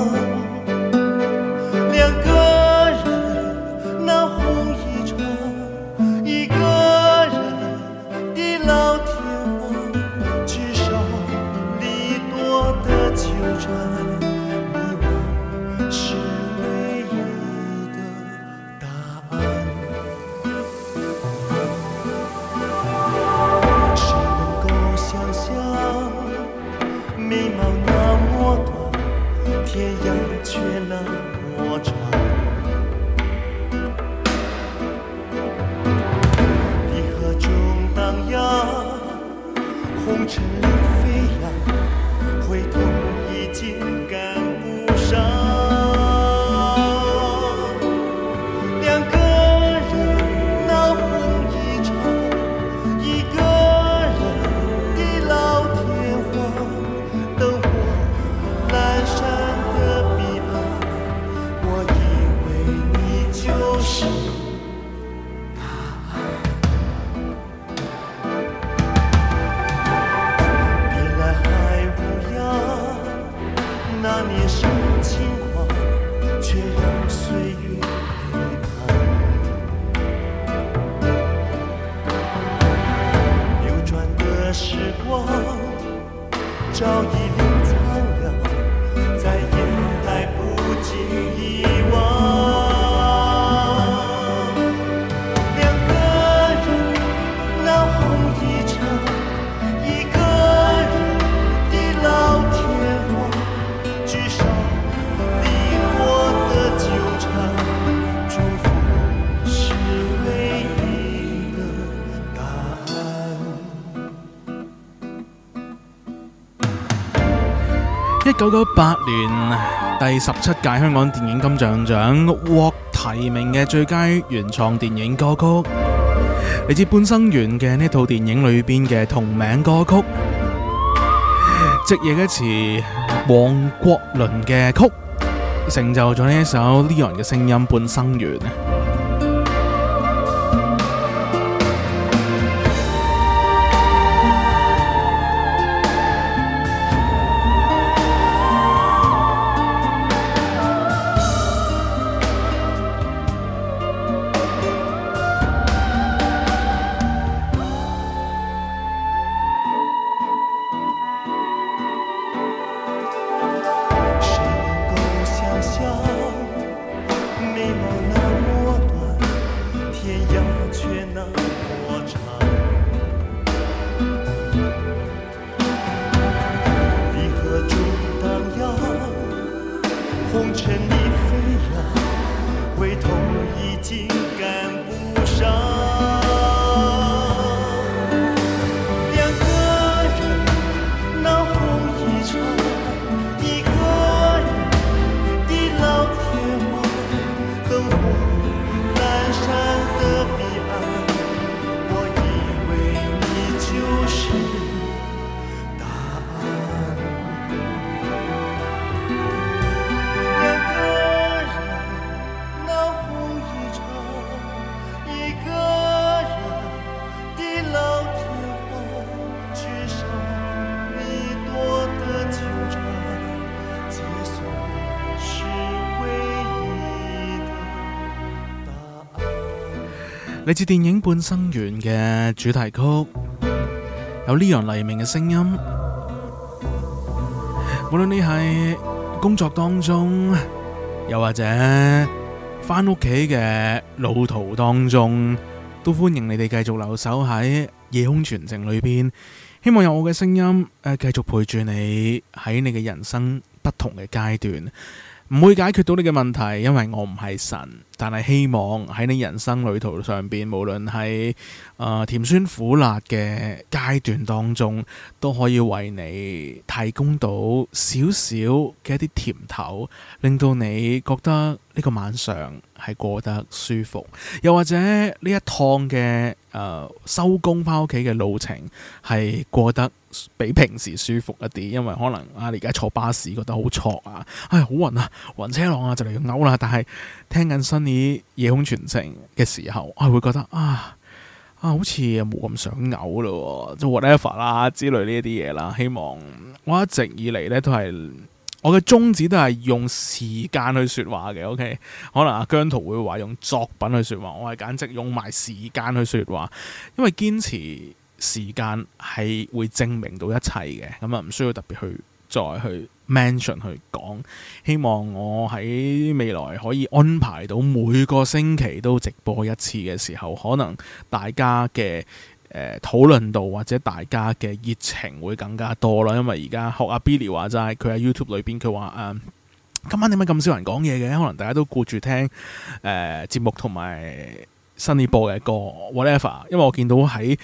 九九八年第十七屆香港電影金像獎獲提名嘅最佳原創電影歌曲，嚟自《半生緣》嘅呢套電影裏邊嘅同名歌曲，寂夜嘅詞，王國麟嘅曲，成就咗呢一首 Leon 嘅聲音《半生緣》。嚟自電影《半生緣》嘅主題曲，有呢樣黎明嘅聲音。無論你係工作當中，又或者翻屋企嘅路途當中，都歡迎你哋繼續留守喺夜空傳情裏邊。希望有我嘅聲音，誒，繼續陪住你喺你嘅人生不同嘅階段，唔會解決到你嘅問題，因為我唔係神。但係希望喺你人生旅途上面，無論喺啊、呃、甜酸苦辣嘅階段當中，都可以為你提供到少少嘅一啲甜頭，令到你覺得呢個晚上係過得舒服。又或者呢一趟嘅誒收工返屋企嘅路程係過得比平時舒服一啲，因為可能啊你而家坐巴士覺得、哎、好坐啊，唉好暈啊，暈車浪啊就嚟、啊、要嘔啦，但係。聽緊新 u 夜空全程嘅時候，我係會覺得啊，啊，好似又冇咁想嘔咯，做 whatever 啦之類呢一啲嘢啦。希望我一直以嚟咧都係我嘅宗旨，都係用時間去說話嘅。OK，可能阿姜圖會話用作品去說話，我係簡直用埋時間去說話，因為堅持時間係會證明到一切嘅。咁啊，唔需要特別去再去。Mention 去講，希望我喺未來可以安排到每個星期都直播一次嘅時候，可能大家嘅誒討論度或者大家嘅熱情會更加多啦。因為而家學阿 Billy 話就係佢喺 YouTube 裏邊佢話誒、嗯，今晚點解咁少人講嘢嘅？可能大家都顧住聽誒節、呃、目同埋新啲播嘅歌 whatever。因為我見到喺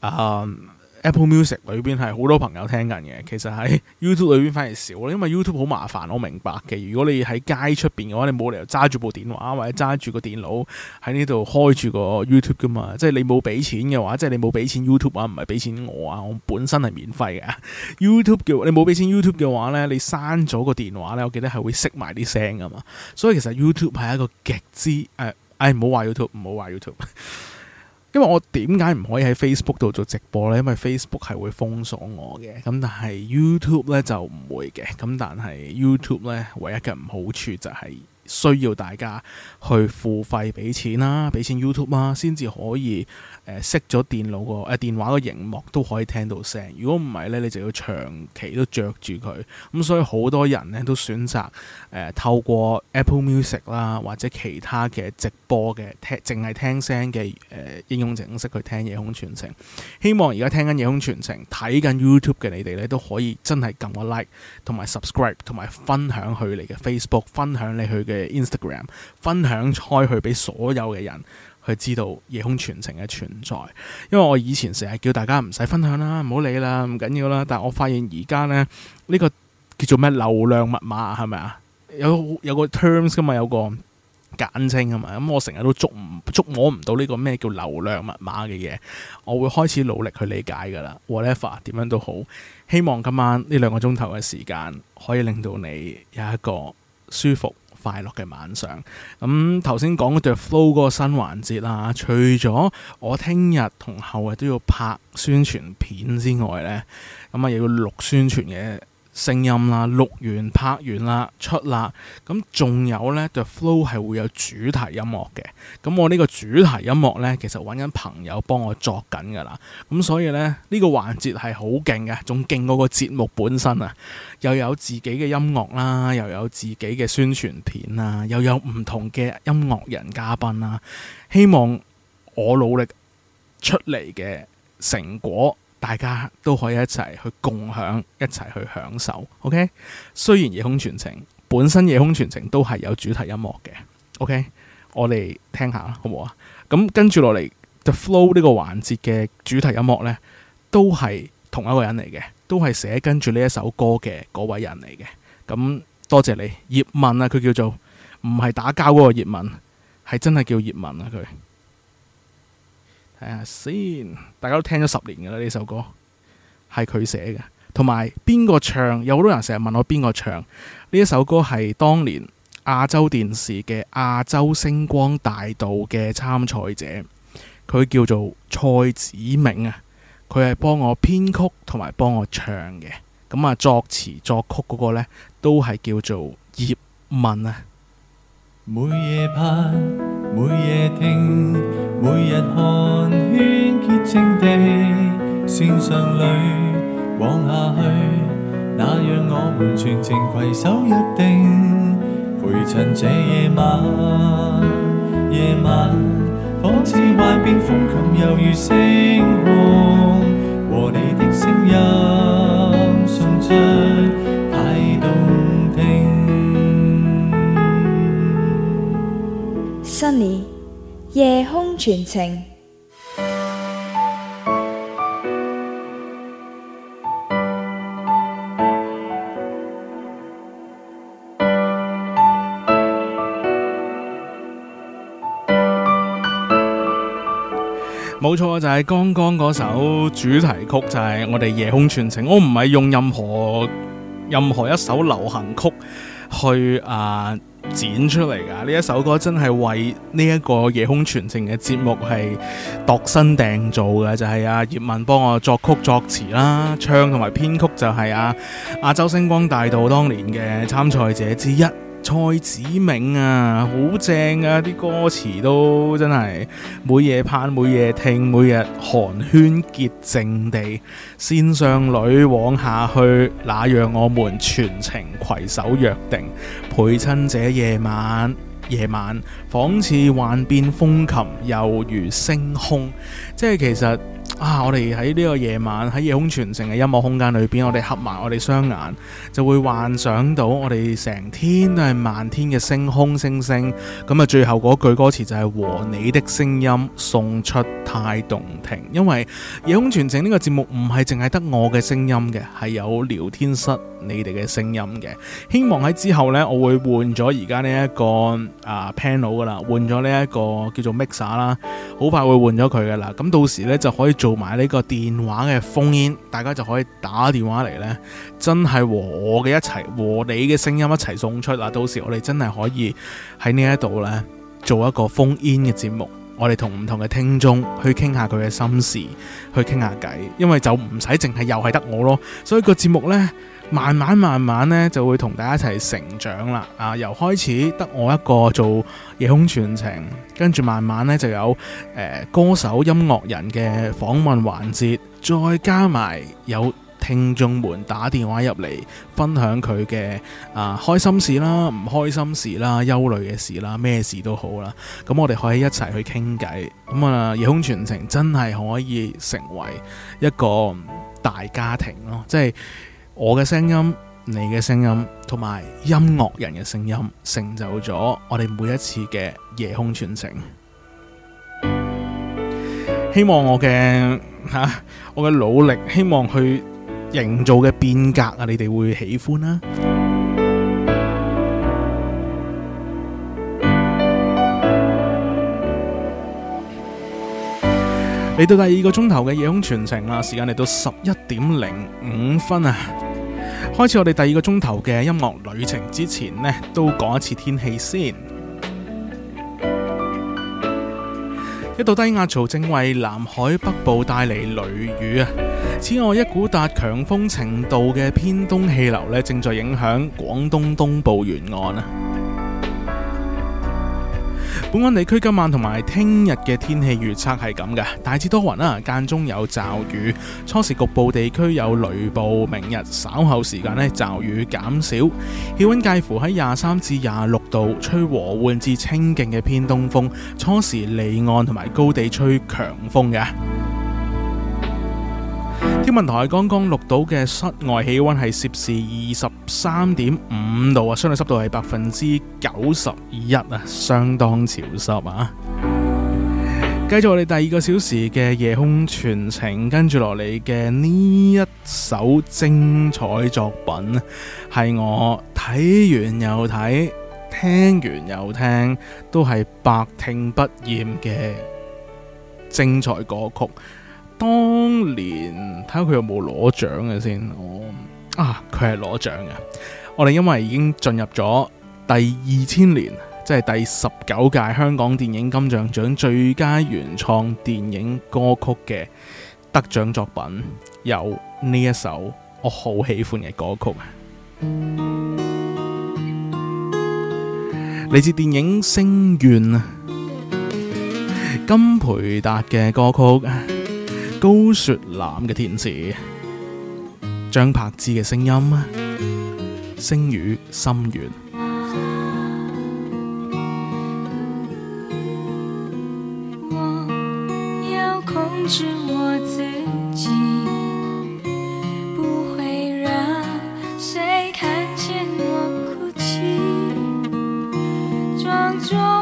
啊。嗯 Apple Music 裏邊係好多朋友聽緊嘅，其實喺 YouTube 裏邊反而少，因為 YouTube 好麻煩，我明白嘅。如果你喺街出邊嘅話，你冇理由揸住部電話或者揸住個電腦喺呢度開住個 YouTube 噶嘛，即係你冇俾錢嘅話，即係你冇俾錢 YouTube 啊，唔係俾錢我啊，我本身係免費嘅。YouTube 嘅你冇俾錢 YouTube 嘅話呢，你刪咗個電話呢，我記得係會熄埋啲聲噶嘛，所以其實 YouTube 係一個極之誒，唔好話 YouTube，唔好話 YouTube。哎因為我點解唔可以喺 Facebook 度做直播呢？因為 Facebook 係會封鎖我嘅，咁但係 YouTube 呢就唔會嘅。咁但係 YouTube 呢唯一嘅唔好處就係需要大家去付費俾錢啦，俾錢 YouTube 啦、啊，先至可以。誒熄咗電腦個誒、呃、電話個熒幕都可以聽到聲，如果唔係咧，你就要長期都着住佢。咁、嗯、所以好多人咧都選擇誒、呃、透過 Apple Music 啦，或者其他嘅直播嘅聽，淨係聽聲嘅誒應用程式去聽夜空傳情。希望而家聽緊夜空傳情、睇緊 YouTube 嘅你哋咧，都可以真係撳個 like，同埋 subscribe，同埋分享去你嘅 Facebook，分享你去嘅 Instagram，分享開去俾所有嘅人。去知道夜空全程嘅存在，因為我以前成日叫大家唔使分享啦，唔好理啦，唔緊要啦。但我發現而家咧呢個叫做咩流量密碼係咪啊？有有個 terms 噶嘛，有個簡稱啊嘛。咁、嗯、我成日都捉唔捉摸唔到呢個咩叫流量密碼嘅嘢，我會開始努力去理解噶啦。Whatever 點樣都好，希望今晚呢兩個鐘頭嘅時間可以令到你有一個舒服快樂嘅晚上，咁頭先講咗 flow 嗰個新環節啦、啊。除咗我聽日同後日都要拍宣傳片之外咧，咁、嗯、啊又要錄宣傳嘅聲音啦，錄完拍完啦，出啦。咁仲有呢個 flow 係會有主題音樂嘅。咁我呢個主題音樂呢，其實揾緊朋友幫我作緊噶啦。咁所以呢，呢個環節係好勁嘅，仲勁過個節目本身啊！又有自己嘅音樂啦，又有自己嘅宣傳片啊，又有唔同嘅音樂人嘉賓啦。希望我努力出嚟嘅成果。大家都可以一齊去共享，一齊去享受。OK，雖然夜空傳情本身夜空傳情都係有主題音樂嘅。OK，我哋聽下好唔好啊？咁、嗯、跟住落嚟 The Flow 呢個環節嘅主題音樂呢，都係同一個人嚟嘅，都係寫跟住呢一首歌嘅嗰位人嚟嘅。咁、嗯、多謝你，葉問啊，佢叫做唔係打交嗰個葉問，係真係叫葉問啊佢。大家都聽咗十年㗎喇呢首歌，係佢寫嘅，同埋邊個唱？有好多人成日問我邊個唱呢一首歌，係當年亞洲電視嘅亞洲星光大道嘅參賽者，佢叫做蔡子明啊，佢係幫我編曲同埋幫我唱嘅，咁啊作詞作曲嗰個呢都係叫做葉問啊。每夜拍，每夜聽。每日寒暄，潔淨地，線上裏往下去，那樣我們全程携手約定，陪襯這夜晚。夜晚仿似幻變，風琴猶如星光，和你的聲音，唱出太動聽。Sunny。夜空傳情，冇錯就係、是、剛剛嗰首主題曲，就係我哋夜空傳情。我唔係用任何任何一首流行曲去啊。呃剪出嚟噶呢一首歌真係為呢一個夜空傳情嘅節目係度身訂造嘅，就係阿葉文幫我作曲作詞啦，唱同埋編曲就係阿亞洲星光大道當年嘅參賽者之一。蔡子明啊，好正啊！啲歌詞都真係每夜盼、每夜聽、每日寒暄潔淨地，線上旅往下去，那樣我們全程攜手約定，陪親者夜晚，夜晚仿似幻變風琴，猶如星空。即係其實啊，我哋喺呢個夜晚喺夜空傳情嘅音樂空間裏邊，我哋合埋我哋雙眼，就會幻想到我哋成天都係漫天嘅星空星星。咁啊，最後嗰句歌詞就係和你的聲音送出太動聽。因為夜空傳情呢個節目唔係淨係得我嘅聲音嘅，係有聊天室你哋嘅聲音嘅。希望喺之後呢，我會換咗而家呢一個啊、呃、panel 噶啦，換咗呢一個叫做 mixer 啦，好快會換咗佢噶啦。咁到時咧，就可以做埋呢個電話嘅 phone in，大家就可以打電話嚟，呢真係和我嘅一齊，和你嘅聲音一齊送出啊！到時我哋真係可以喺呢一度呢做一個 phone in 嘅節目，我哋同唔同嘅聽眾去傾下佢嘅心事，去傾下偈，因為就唔使淨係又係得我咯，所以個節目呢。慢慢慢慢咧，就會同大家一齊成長啦。啊，由開始得我一個做夜空傳情，跟住慢慢咧就有誒、呃、歌手、音樂人嘅訪問環節，再加埋有聽眾們打電話入嚟，分享佢嘅啊開心事啦、唔開心事啦、憂慮嘅事啦、咩事都好啦。咁我哋可以一齊去傾偈。咁啊，夜空傳情真係可以成為一個大家庭咯，即係。我嘅聲音、你嘅聲音同埋音樂人嘅聲音，成就咗我哋每一次嘅夜空傳情。希望我嘅吓我嘅努力，希望去營造嘅變革啊，你哋會喜歡呢？嚟到第二個鐘頭嘅夜空傳情啦，時間嚟到十一點零五分啊！開始我哋第二個鐘頭嘅音樂旅程之前呢，都講一次天氣先。一道低壓槽正為南海北部帶嚟雷雨啊！此外，一股達強風程度嘅偏東氣流呢，正在影響廣東東部沿岸啊！本港地區今晚同埋聽日嘅天氣預測係咁嘅，大致多雲啦，啊，間中有驟雨，初時局部地區有雷暴。明日稍後時間呢，驟雨減少，氣温介乎喺廿三至廿六度，吹和緩至清勁嘅偏東風，初時離岸同埋高地吹強風嘅。天文台剛剛錄到嘅室外氣溫係攝氏二十三點五度啊，相對濕度係百分之九十一啊，相當潮濕啊。繼續我哋第二個小時嘅夜空傳情，跟住落嚟嘅呢一首精彩作品，係我睇完又睇，聽完又聽，都係百聽不厭嘅精彩歌曲。當年睇下佢有冇攞獎嘅先，我啊佢係攞獎嘅。我哋因為已經進入咗第二千年，即係第十九屆香港電影金像獎最佳原創電影歌曲嘅得獎作品，有呢一首我好喜歡嘅歌曲。嚟自電影《星願》金培達嘅歌曲。高雪嵐嘅天使張柏芝嘅聲音，星語心願、啊嗯。我要控制我自己，不會讓誰看見我哭泣，裝作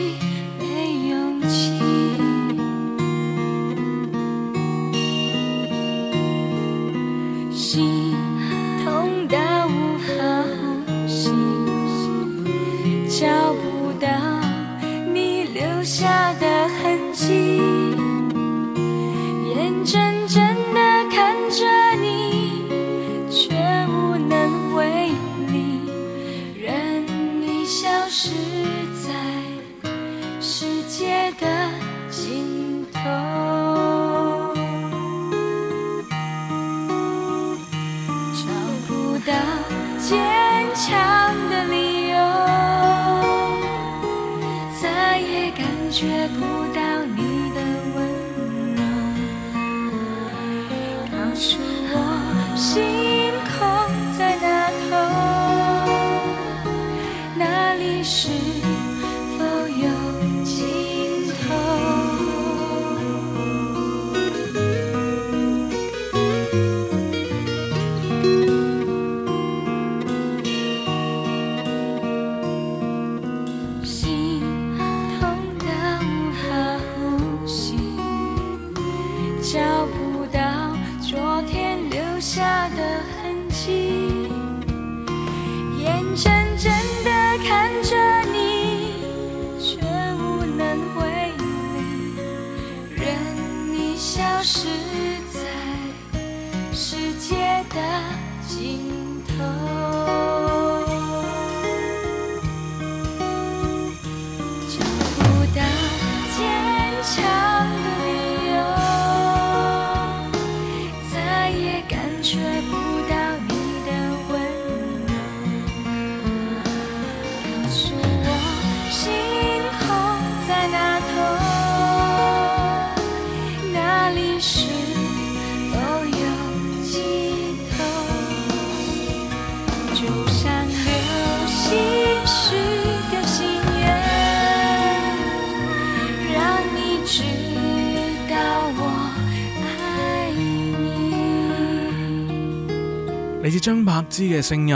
張柏芝嘅聲音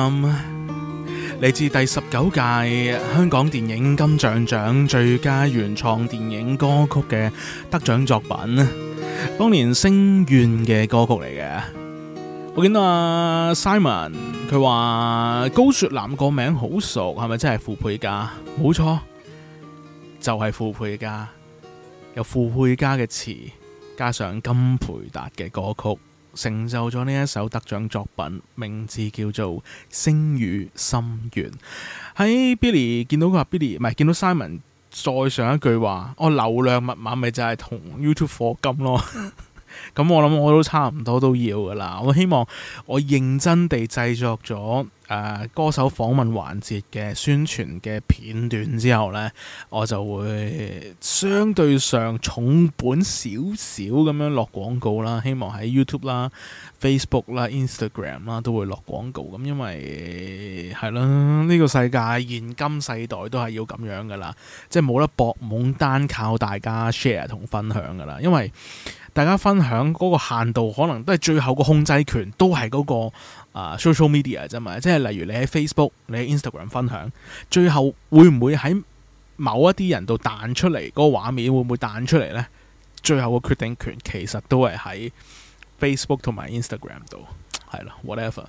嚟自第十九屆香港電影金像獎最佳原創電影歌曲嘅得獎作品，當年星願嘅歌曲嚟嘅。我見到阿、啊、Simon 佢話高雪嵐個名好熟，係咪真係傅佩嘉？冇錯，就係傅佩嘉，有傅佩嘉嘅詞加上金培達嘅歌曲。成就咗呢一首得獎作品，名字叫做《星語心願》。喺 Billy 見到佢話 Billy，唔係見到 Simon 再上一句話，我、哦、流量密碼咪就係同 YouTube 貨金咯。咁、 [LAUGHS] 嗯、我諗我都差唔多都要噶啦。我希望我認真地製作咗。誒、呃、歌手訪問環節嘅宣傳嘅片段之後呢，我就會相對上重本少少咁樣落廣告啦。希望喺 YouTube 啦、Facebook 啦、Instagram 啦都會落廣告。咁、嗯、因為係啦，呢、呢個世界現今世代都係要咁樣噶啦，即係冇得搏懵，單靠大家 share 同分享噶啦。因為大家分享嗰個限度，可能都係最後個控制權都係嗰、那個。啊、uh，social media 啫嘛，即係例如你喺 Facebook、你喺 Instagram 分享，最後會唔會喺某一啲人度彈出嚟？嗰畫面會唔會彈出嚟咧？最後個決定權其實都係喺 Facebook 同埋 Instagram 度。whatever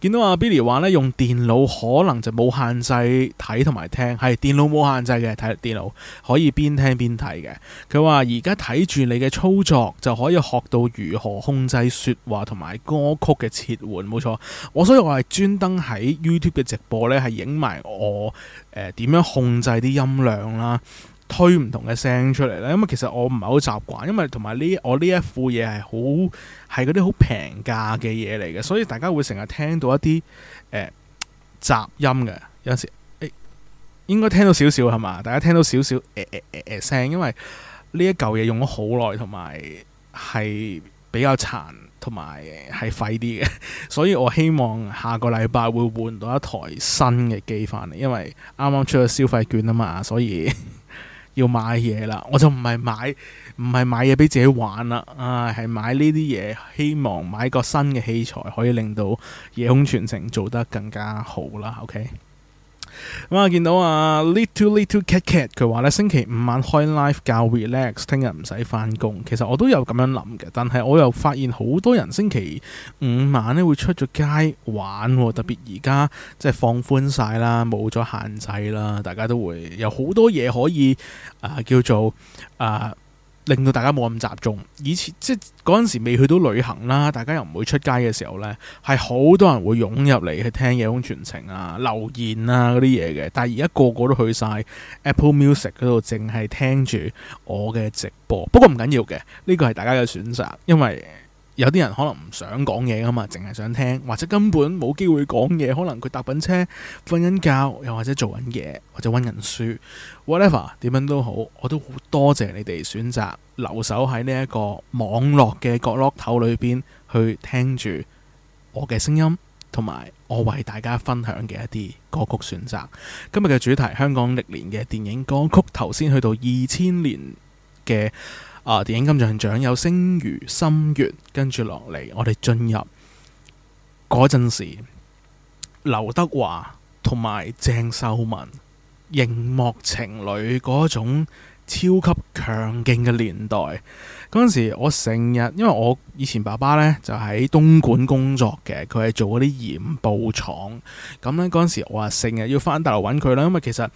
見到阿 Billy 話咧，用電腦可能就冇限制睇同埋聽，係電腦冇限制嘅，睇電腦可以邊聽邊睇嘅。佢話而家睇住你嘅操作，就可以學到如何控制說話同埋歌曲嘅切換，冇錯。我所以我係專登喺 YouTube 嘅直播咧，係影埋我呃，點樣控制啲音量啦。推唔同嘅聲出嚟咧，因為，其實我唔係好習慣，因為同埋呢，我呢一副嘢係好係嗰啲好平價嘅嘢嚟嘅，所以大家會成日聽到一啲誒、呃、雜音嘅，有時誒、欸、應該聽到少少係嘛，大家聽到少少誒誒誒聲，因為呢一舊嘢用咗好耐，同埋係比較殘，同埋係廢啲嘅，所以我希望下個禮拜會換到一台新嘅機翻嚟，因為啱啱出咗消費券啊嘛，所以。 [LAUGHS] 要買嘢啦，我就唔係買唔係買嘢俾自己玩啦，啊係買呢啲嘢，希望買個新嘅器材可以令到夜空傳情做得更加好啦，OK。咁啊，見到啊 little little cat cat，佢話咧星期五晚開 live 教 relax，聽日唔使翻工。其實我都有咁樣諗嘅，但係我又發現好多人星期五晚咧會出咗街玩，哦，特別而家即係放寬晒啦，冇咗限制啦，大家都會有好多嘢可以啊、呃，叫做啊。呃令到大家冇咁集中，以前即係嗰陣時未去到旅行啦，大家又唔會出街嘅時候呢，係好多人會湧入嚟去聽夜空傳情啊、留言啊嗰啲嘢嘅。但係而家個個都去晒 Apple Music 嗰度，淨係聽住我嘅直播。不過唔緊要嘅，呢個係大家嘅選擇，因為，有啲人可能唔想講嘢噶嘛，淨係想聽，或者根本冇機會講嘢，可能佢搭緊車瞓緊覺，又或者做緊嘢，或者溫緊書，whatever 點樣都好，我都好多謝你哋選擇留守喺呢一個網絡嘅角落頭裏邊去聽住我嘅聲音，同埋我為大家分享嘅一啲歌曲選擇。今日嘅主題，香港歷年嘅電影歌曲，頭先去到二千年嘅。啊！電影金像獎有聲《星語心願》，跟住落嚟，我哋進入嗰陣時，劉德華同埋鄭秀文熒幕情侶嗰種超級強勁嘅年代。嗰陣時，我成日，因為我以前爸爸呢，就喺東莞工作嘅，佢係做嗰啲染布廠。咁呢，嗰陣時我啊成日要返大陸揾佢啦，因為其實。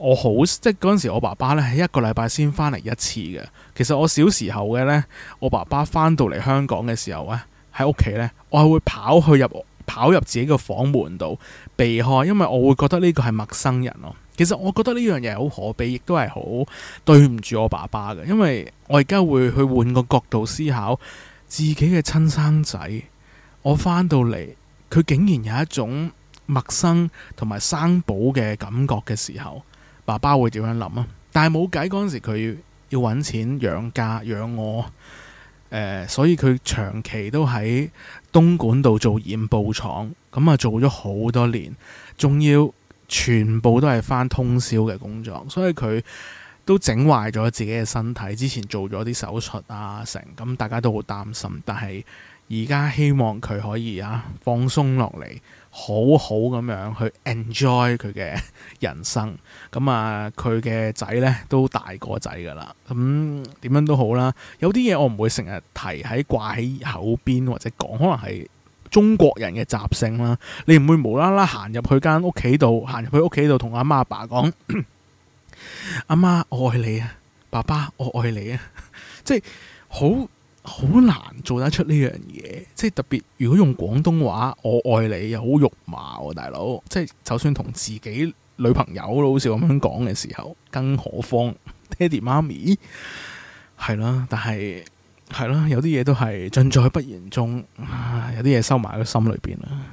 我好即係嗰陣時，我爸爸咧，係一個禮拜先翻嚟一次嘅。其實我小時候嘅咧，我爸爸翻到嚟香港嘅時候咧，喺屋企咧，我係會跑去入跑入自己嘅房門度避開，因為我會覺得呢個係陌生人咯。其實我覺得呢樣嘢好可悲，亦都係好對唔住我爸爸嘅。因為我而家會去換個角度思考自己嘅親生仔，我翻到嚟，佢竟然有一種陌生同埋生保嘅感覺嘅時候，爸爸會點樣諗啊？但係冇計嗰陣時，佢要揾錢養家養我，呃，所以佢長期都喺東莞度做染布廠，咁啊做咗好多年，仲要全部都係返通宵嘅工作，所以佢都整壞咗自己嘅身體。之前做咗啲手術啊，成咁大家都好擔心。但係而家希望佢可以啊，放鬆落嚟。好好咁樣去 enjoy 佢嘅人生。咁啊佢嘅仔呢都大個仔噶啦，咁點樣都好啦。有啲嘢我唔會成日提喺掛喺口邊或者講，可能係中國人嘅習性啦。你唔會無啦啦行入去間屋企度，行入去屋企度同阿媽阿爸講：阿媽 [COUGHS] 我愛你啊，爸爸我愛你啊， [LAUGHS] 即係好。好難做得出呢樣嘢，即係特別如果用廣東話，我愛你又好肉麻啊，大佬。即係就算同自己女朋友都好似咁樣講嘅時候，更何況爹哋媽咪係啦。但係係啦，有啲嘢都係盡在不言中，有啲嘢收埋喺心裏邊啦。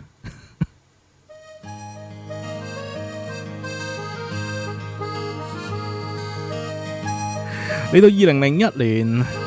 你 [MUSIC] 到二零零一年。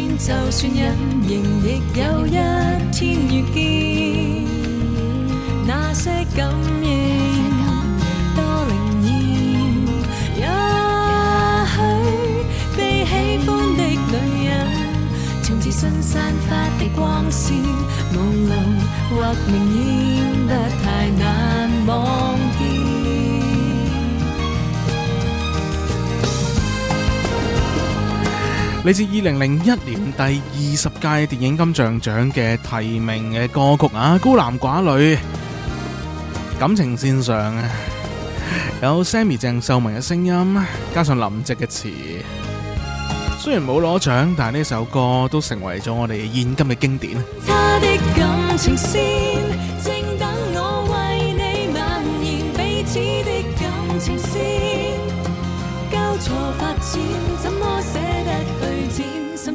就算隱形，亦有一天遇見，那些感應多靈驗，也許被喜歡的女人，從自信散發的光線，朦朧或明豔，不太難忘。嚟自二零零一年第二十屆電影金像獎嘅提名嘅歌曲啊，孤男寡女，感情線上啊，有 Sammy 鄭秀文嘅聲音，加上林夕嘅詞，雖然冇攞獎，但係呢首歌都成為咗我哋現今嘅經典。他的感情線正等我為你蔓延，彼此的感情線交錯發展。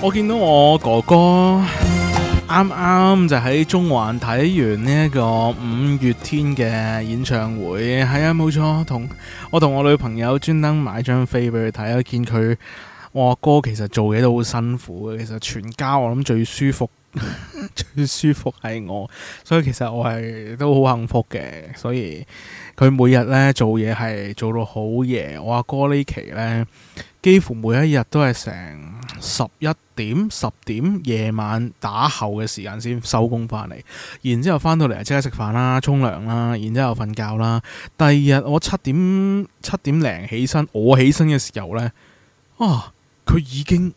我見到我哥哥啱啱就喺中環睇完呢一個五月天嘅演唱會，係啊，冇錯，同我同我女朋友專登買張飛俾佢睇啊！見佢我哥其實做嘢都好辛苦嘅，其實全家我諗最舒服。 [LAUGHS] 最舒服係我，所以其實我係都好幸福嘅。所以佢每日呢做嘢係做到好夜。我阿哥呢期呢，幾乎每一日都係成十一點十點夜晚打後嘅時間先收工返嚟，然之後返到嚟即刻食飯啦、沖涼啦，然之後瞓覺啦。第二日我七點七點零起身，我起身嘅時候呢，啊，佢已經。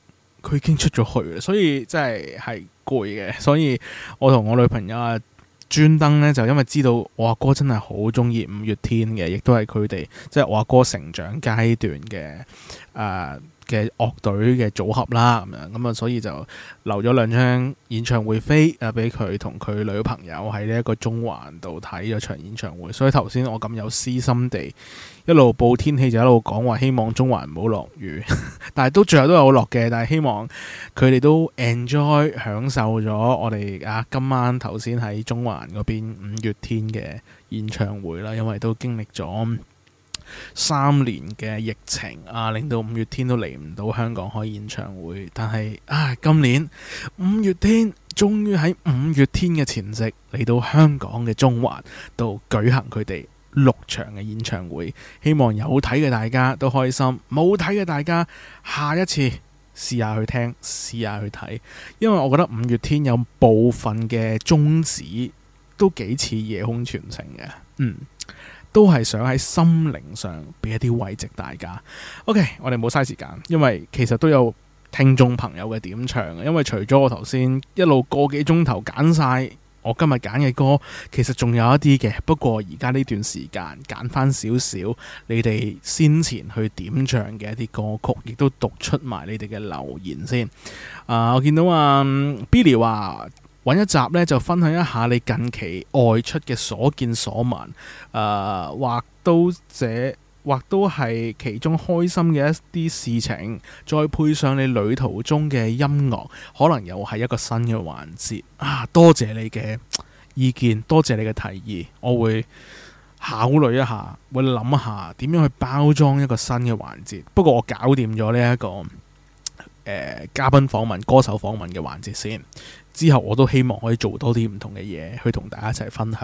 佢已經出咗去，所以真係係攰嘅。所以我同我女朋友啊，專登呢，就因為知道我阿哥真係好中意五月天嘅，亦都係佢哋即係我阿哥成長階段嘅誒。呃嘅樂隊嘅組合啦，咁樣咁啊，所以就留咗兩張演唱會飛啊，俾佢同佢女朋友喺呢一個中環度睇咗場演唱會。所以頭先我咁有私心地一路報天氣，就一路講話希望中環唔好落雨， [LAUGHS] 但係係都最後都有落嘅。但係希望佢哋都 enjoy 享受咗我哋啊今晚頭先喺中環嗰邊五月天嘅演唱會啦，因為都經歷咗。三年嘅疫情啊，令到五月天都嚟唔到香港開演唱會。但係啊，今年五月天終於喺五月天嘅前夕嚟到香港嘅中環度舉行佢哋六場嘅演唱會。希望有睇嘅大家都開心，冇睇嘅大家下一次試下去聽，試下去睇。因為我覺得五月天有部分嘅宗旨都幾似夜空傳情嘅，嗯。都係想喺心靈上俾一啲慰藉大家。OK，我哋冇嘥時間，因為其實都有聽眾朋友嘅點唱嘅。因為除咗我頭先一路個幾鐘頭揀晒我今日揀嘅歌，其實仲有一啲嘅。不過而家呢段時間揀翻少少，點點你哋先前去點唱嘅一啲歌曲，亦都讀出埋你哋嘅留言先。啊、呃，我見到啊 Billy 話。揾一集呢，就分享一下你近期外出嘅所見所聞，誒、呃，或都者，或都係其中開心嘅一啲事情，再配上你旅途中嘅音樂，可能又係一個新嘅環節啊！多謝你嘅意見，多謝你嘅提議，我會考慮一下，會諗下點樣去包裝一個新嘅環節。不過我搞掂咗呢一個誒、呃、嘉賓訪問、歌手訪問嘅環節先。之後我都希望可以做多啲唔同嘅嘢，去同大家一齊分享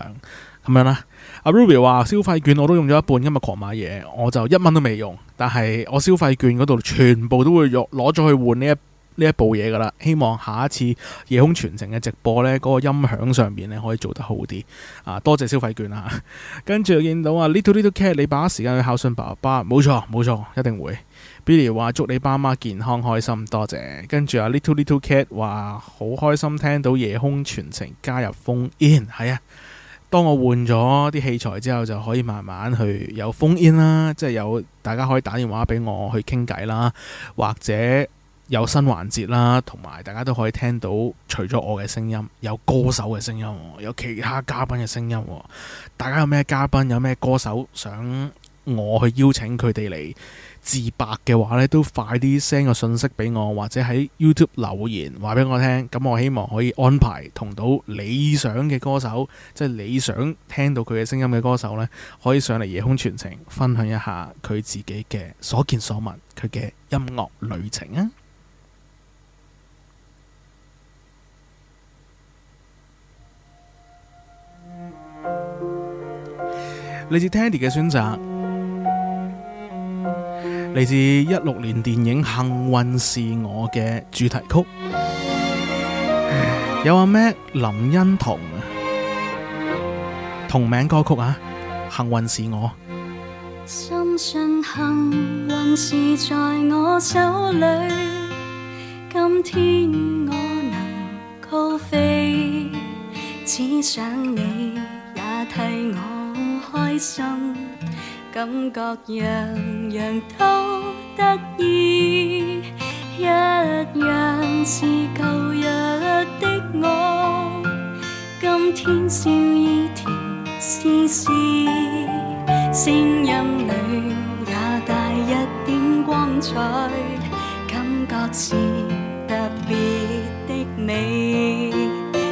咁樣啦。阿 Ruby 話，消費券我都用咗一半，今日狂買嘢，我就一蚊都未用，但係我消費券嗰度全部都會用攞咗去換呢一呢一部嘢噶啦。希望下一次夜空傳情嘅直播呢，嗰個音響上面呢，可以做得好啲啊！多謝消費券啊，跟住見到啊 Little Little Cat，你把握時間去孝順爸爸，冇錯冇錯，一定會。Billy 話：祝你爸媽健康開心，多謝。跟住啊，Little Little Cat 話好開心聽到夜空全程加入 phone In。係啊！當我換咗啲器材之後，就可以慢慢去有 phone In 啦，即係有大家可以打電話俾我去傾偈啦，或者有新環節啦，同埋大家都可以聽到除咗我嘅聲音，有歌手嘅聲音，有其他嘉賓嘅聲音。大家有咩嘉賓，有咩歌手想我去邀請佢哋嚟？自白嘅話咧，都快啲 send 個信息俾我，或者喺 YouTube 留言話俾我聽。咁我希望可以安排同到理想嘅歌手，即係你想聽到佢嘅聲音嘅歌手呢，可以上嚟夜空傳情，分享一下佢自己嘅所見所聞，佢嘅音樂旅程啊！嚟自 Tandy 嘅選擇。 [MUSIC] 嚟自一六年電影《幸運是我》嘅主題曲，嗯、有阿咩林欣彤、啊、同名歌曲啊，《幸運是我》。深信幸運是在我手裏。今天我能高飛，只想你也替我開心。感覺樣樣都得意，一樣是舊日的我，今天笑意甜絲絲，聲音裏也帶一點光彩，感覺似特別的你。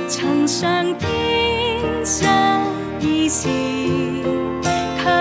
曾嘗遍失意時。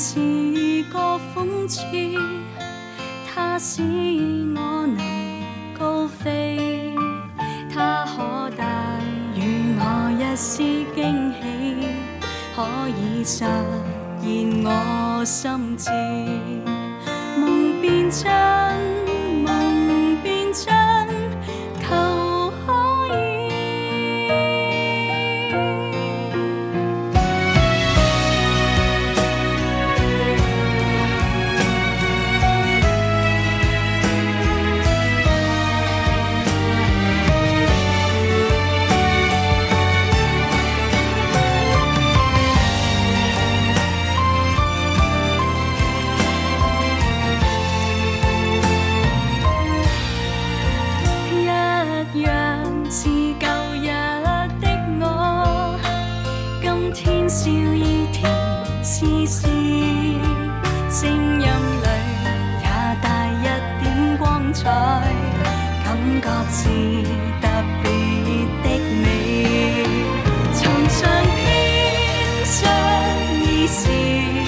是個諷刺，它使我能高飛，它可帶予我一絲驚喜，可以實現我心智。夢變真，夢變真。天笑意甜絲絲，聲音裏也帶一點光彩，感覺似特別的你從相片上依時。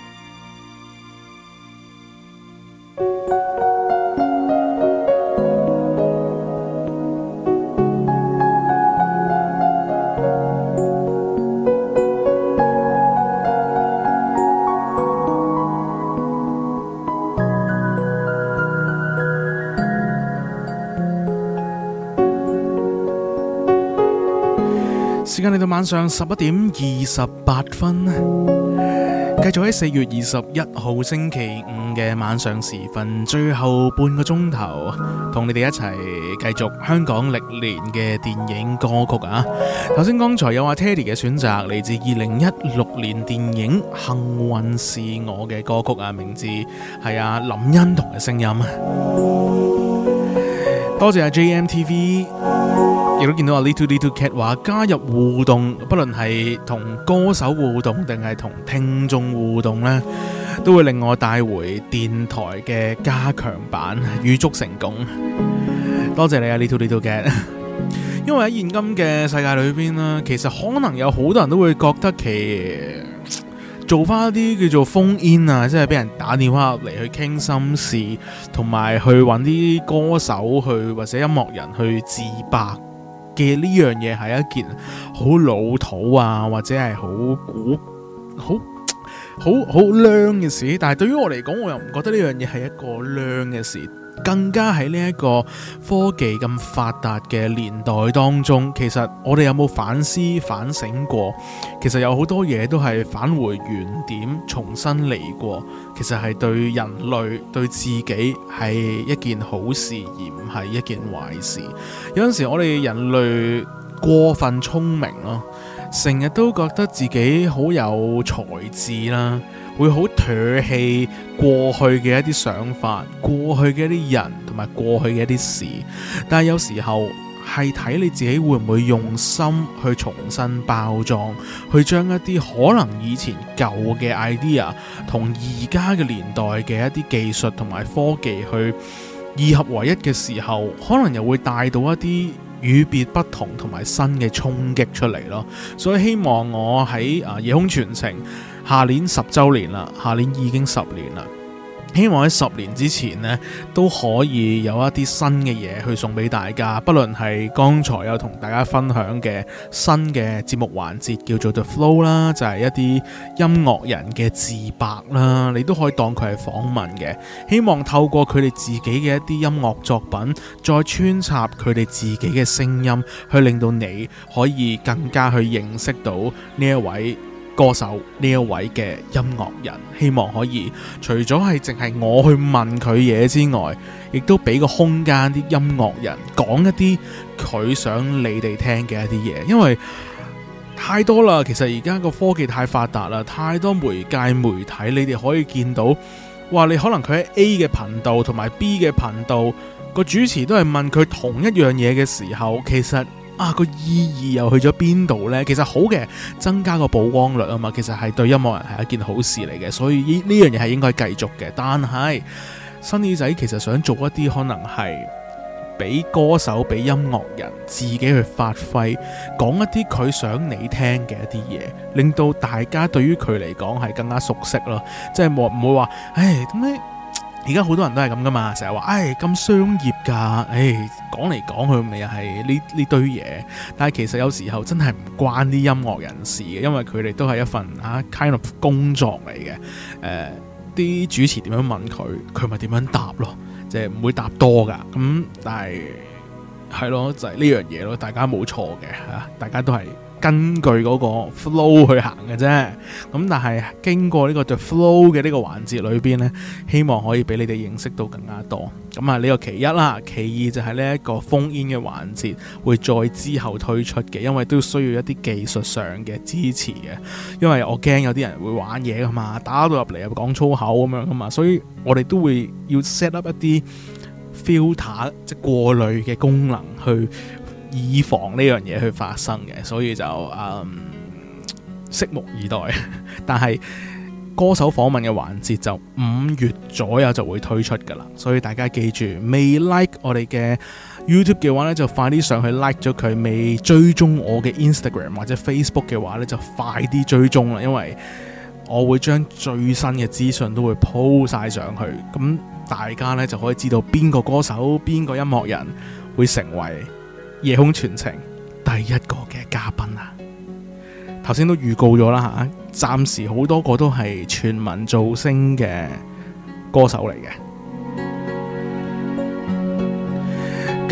晚上十一點二十八分，繼續喺四月二十一號星期五嘅晚上時分，最後半個鐘頭同你哋一齊繼續香港歷年嘅電影歌曲啊！頭先剛才有阿、啊、Teddy 嘅選擇嚟自二零一六年電影《幸運是我》嘅歌曲啊，名字係阿、啊、林欣彤嘅聲音，多謝 JMTV、啊。亦都見到阿 little little cat 話加入互動，不論係同歌手互動定係同聽眾互動呢，都會令我帶回電台嘅加強版，預祝成功。多謝你啊 little little cat， [LAUGHS] 因為喺現今嘅世界裏邊呢，其實可能有好多人都會覺得其做翻啲叫做 phone in 啊，即係俾人打電話入嚟，去傾心事，同埋去揾啲歌手去或者音樂人去自白。呢樣嘢係一件好老土啊，或者係好古，好好好靚嘅事。但係對於我嚟講，我又唔覺得呢樣嘢係一個靚嘅事。更加喺呢一個科技咁發達嘅年代當中，其實我哋有冇反思、反省過？其實有好多嘢都係返回原點，重新嚟過。其實係對人類、對自己係一件好事，而唔係一件壞事。有陣時我哋人類過分聰明咯、啊，成日都覺得自己好有才智啦、啊。會好唾棄過去嘅一啲想法，過去嘅一啲人同埋過去嘅一啲事，但係有時候係睇你自己會唔會用心去重新包裝，去將一啲可能以前舊嘅 idea 同而家嘅年代嘅一啲技術同埋科技去二合為一嘅時候，可能又會帶到一啲與別不同同埋新嘅衝擊出嚟咯。所以希望我喺啊夜空傳情。下年十周年啦，下年已經十年啦。希望喺十年之前呢，都可以有一啲新嘅嘢去送俾大家。不論係剛才有同大家分享嘅新嘅節目環節叫做 The Flow 啦，就係一啲音樂人嘅自白啦，你都可以當佢係訪問嘅。希望透過佢哋自己嘅一啲音樂作品，再穿插佢哋自己嘅聲音，去令到你可以更加去認識到呢一位。歌手呢一位嘅音樂人，希望可以除咗係淨係我去問佢嘢之外，亦都俾個空間啲音樂人講一啲佢想你哋聽嘅一啲嘢，因為太多啦。其實而家個科技太發達啦，太多媒介媒體，你哋可以見到，話你可能佢喺 A 嘅頻道同埋 B 嘅頻道個主持都係問佢同一樣嘢嘅時候，其實。啊，個意義又去咗邊度呢？其實好嘅，增加個曝光率啊嘛，其實係對音樂人係一件好事嚟嘅，所以呢呢樣嘢係應該繼續嘅。但係新耳仔其實想做一啲可能係俾歌手、俾音樂人自己去發揮，講一啲佢想你聽嘅一啲嘢，Level. palate 盛 equ anim opy 令到大家對於佢嚟講係更加熟悉咯。即係冇唔會話，唉、哎而家好多人都係咁噶嘛，成日話，唉咁商業噶，唉講嚟講去咪又係呢呢堆嘢。但係其實有時候真係唔關啲音樂人士嘅，因為佢哋都係一份嚇、啊、kind of 工作嚟嘅。誒、呃，啲主持點樣問佢，佢咪點樣答咯，即係唔會答多噶。咁、嗯、但係係咯，就係呢樣嘢咯，大家冇錯嘅嚇、啊，大家都係。根據嗰個 flow 去行嘅啫，咁但係經過呢個就 flow 嘅呢個環節裏邊呢，希望可以俾你哋認識到更加多。咁啊，呢個其一啦，其二就係呢一個 phone in 嘅環節會再之後推出嘅，因為都需要一啲技術上嘅支持嘅，因為我驚有啲人會玩嘢㗎嘛，打到入嚟又講粗口咁樣㗎嘛，所以我哋都會要 set up 一啲 filter 即係過濾嘅功能去。以防呢樣嘢去發生嘅，所以就嗯，拭目以待。 [LAUGHS] 但係歌手訪問嘅環節就五月左右就會推出㗎喇，所以大家記住，未 like 我哋嘅 YouTube 嘅話呢，就快啲上去 like 咗佢；未追蹤我嘅 Instagram 或者 Facebook 嘅話呢，就快啲追蹤啦，因為我會將最新嘅資訊都會 post 晒上去，咁大家呢，就可以知道邊個歌手、邊個音樂人會成為。夜空傳情，第一個嘅嘉賓啊！頭先都預告咗啦嚇，暫時好多個都係全民造星嘅歌手嚟嘅。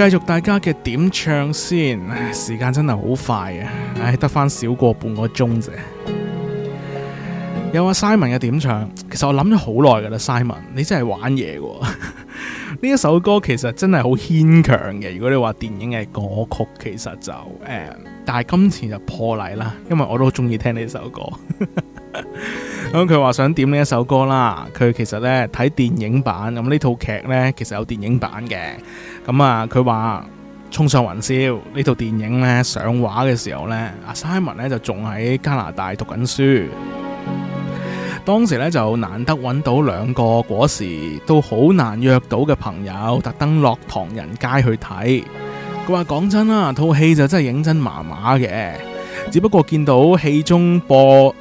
繼續大家嘅點唱先，時間真係好快啊，唉，得翻少過半個鐘啫。有阿 Simon 嘅點唱，其實我諗咗好耐噶啦，Simon，你真係玩嘢喎。 [LAUGHS] 呢一首歌其實真係好牽強嘅，如果你話電影嘅歌曲，其實就誒、嗯，但係今次就破例啦，因為我都中意聽呢首歌。咁佢話想點呢一首歌啦，佢其實呢睇電影版，咁、嗯、呢套劇呢其實有電影版嘅，咁啊佢話衝上雲霄呢套電影呢上畫嘅時候呢，阿 Simon 呢就仲喺加拿大讀緊書。當時咧，就難得揾到兩個，嗰時都好難約到嘅朋友，特登落唐人街去睇。佢話講真啦，套戲就真係影真麻麻嘅。只不過見到戲中播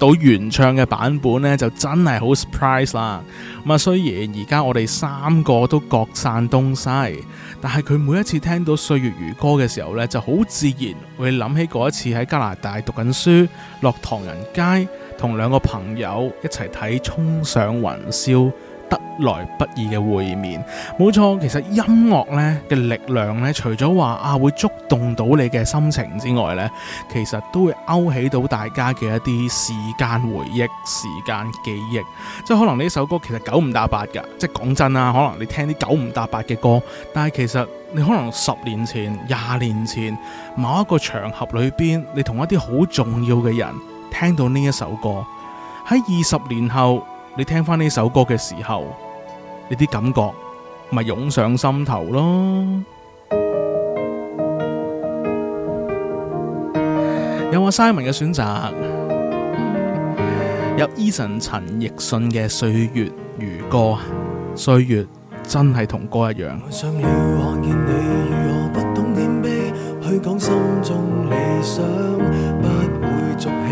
到原唱嘅版本呢，就真係好 surprise 啦。咁啊，雖然而家我哋三個都各散東西，但係佢每一次聽到歲月如歌嘅時候呢，就好自然會諗起嗰一次喺加拿大讀緊書，落唐人街，同兩個朋友一齊睇衝上雲霄，得來不易嘅會面，冇錯。其實音樂呢嘅力量呢，除咗話啊會觸動到你嘅心情之外呢，其實都會勾起到大家嘅一啲時間回憶、時間記憶。即係可能呢首歌其實九唔搭八噶，即係講真啊，可能你聽啲九唔搭八嘅歌，但係其實你可能十年前、廿年前某一個場合裏邊，你同一啲好重要嘅人。聽到呢一首歌，喺二十年後你聽翻呢首歌嘅時候，你啲感覺咪湧上心頭咯？有阿 Simon 嘅選擇，有 Eason 陳奕迅嘅歲月如歌，歲月真係同歌一樣。 [MUSIC] [MUSIC]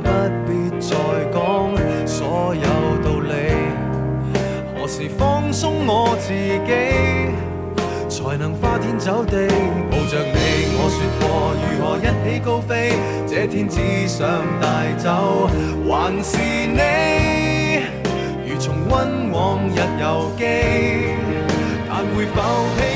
不必再講所有道理，何時放鬆我自己，才能花天酒地抱着你？我說過如何一起高飛，這天只想帶走還是你？如重溫往日遊記，但會否？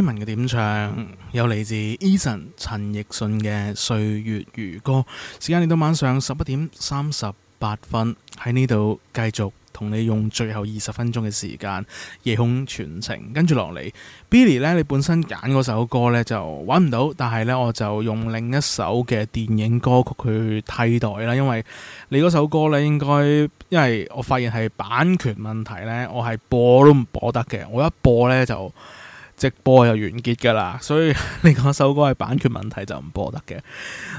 聽聞嘅點唱，有嚟自 Eason 陳奕迅嘅《歲月如歌》。時間嚟到晚上十一點三十八分，喺呢度繼續同你用最後二十分鐘嘅時間夜空傳情。跟住落嚟，Billy 咧，你本身揀嗰首歌咧就揾唔到，但係咧我就用另一首嘅電影歌曲去替代啦。因為你嗰首歌咧，應該因為我發現係版權問題咧，我係播都唔播得嘅。我一播咧就。直播又完結噶啦，所以你嗰首歌係版權問題就唔播得嘅。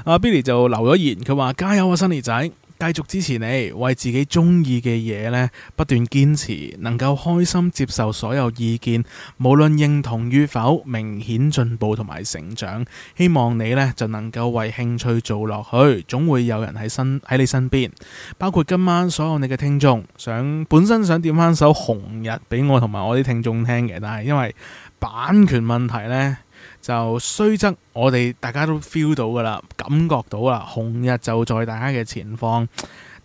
阿 Billy 就留咗言，佢話：加油啊，Sunny 仔，繼續支持你，為自己中意嘅嘢呢，不斷堅持，能夠開心接受所有意見，無論認同與否，明顯進步同埋成長。希望你呢，就能夠為興趣做落去，總會有人喺身喺你身邊，包括今晚所有你嘅聽眾。想本身想點返首紅日俾我同埋我啲聽眾聽嘅，但係因為版權問題呢，就雖則我哋大家都 feel 到噶啦，感覺到啦，紅日就在大家嘅前方，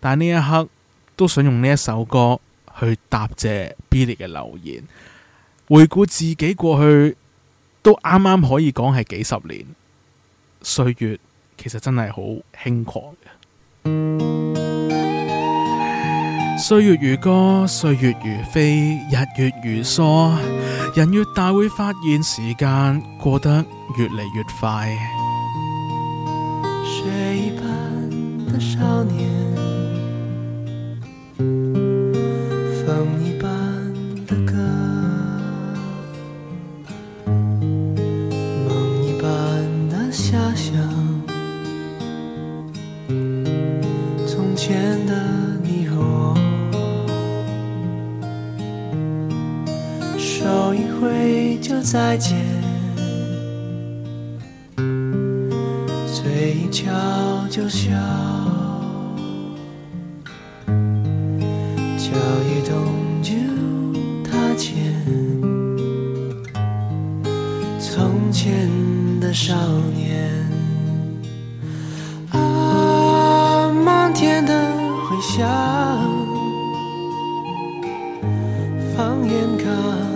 但呢一刻都想用呢一首歌去答謝 Billy 嘅留言，回顧自己過去都啱啱可以講係幾十年歲月，其實真係好輕狂嘅。歲月如歌，歲月如飛，日月如梭，人越大會發現時間過得越嚟越快。水一般的少年，風一般的歌，夢一般的遐想，從前的，說再見，嘴一翹就笑，腳一動就踏前，從前的少年，啊，漫天的回響，放眼看。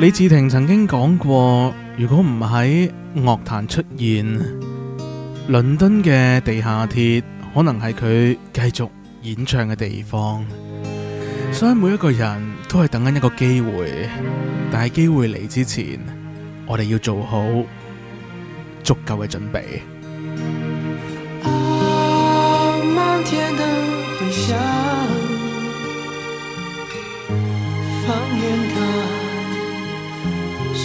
李志庭曾經講過，如果唔喺樂壇出現，倫敦嘅地下鐵可能係佢繼續演唱嘅地方。所以每一個人都係等緊一個機會，但係機會嚟之前，我哋要做好足夠嘅準備。啊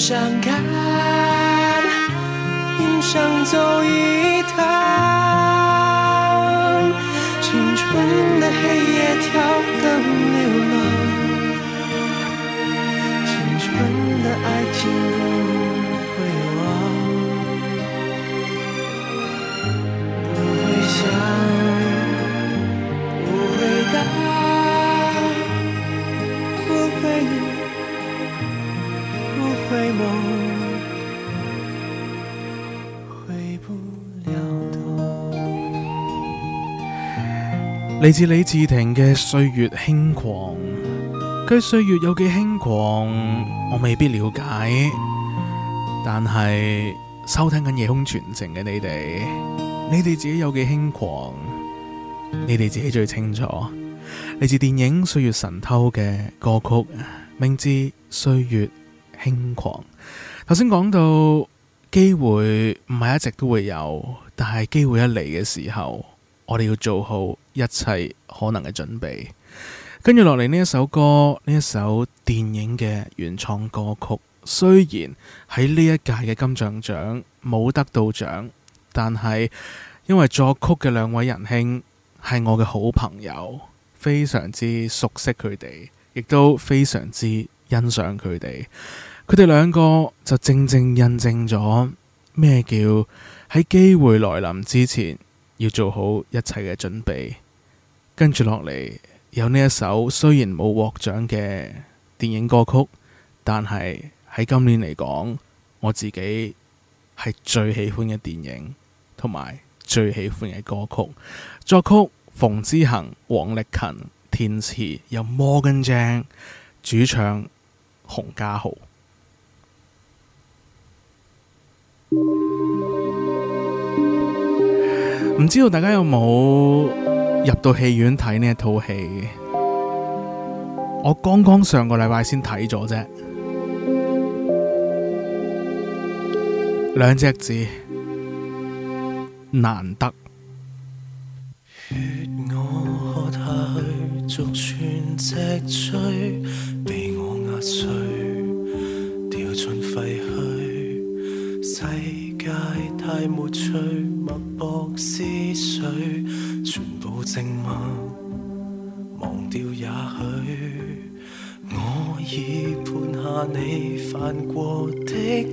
傷感，看，想走一趟。青春的黑夜跳更流浪，青春的愛情不會忘，不會想。嚟自李治廷嘅《歲月輕狂》，佢歲月有幾輕狂，我未必了解，但係收聽緊《夜空傳承》嘅你哋，你哋自己有幾輕狂，你哋自己最清楚。嚟自電影《歲月神偷》嘅歌曲《明知歲月輕狂》，頭先講到機會唔係一直都會有，但係機會一嚟嘅時候，我哋要做好。一切可能嘅準備，跟住落嚟呢一首歌，呢一首電影嘅原創歌曲，雖然喺呢一屆嘅金像獎冇得到獎，但係因為作曲嘅兩位仁兄係我嘅好朋友，非常之熟悉佢哋，亦都非常之欣賞佢哋。佢哋兩個就正正印證咗咩叫喺機會來臨之前要做好一切嘅準備。跟住落嚟有呢一首雖然冇獲獎嘅電影歌曲，但係喺今年嚟講，我自己係最喜歡嘅電影同埋最喜歡嘅歌曲。作曲馮之恒、王力勤填詞，有 Morgan Zhang 主唱，洪家豪。唔知道大家有冇？入到戲院睇呢一套戲，我剛剛上個禮拜先睇咗啫，兩隻字：難得。你犯過的罪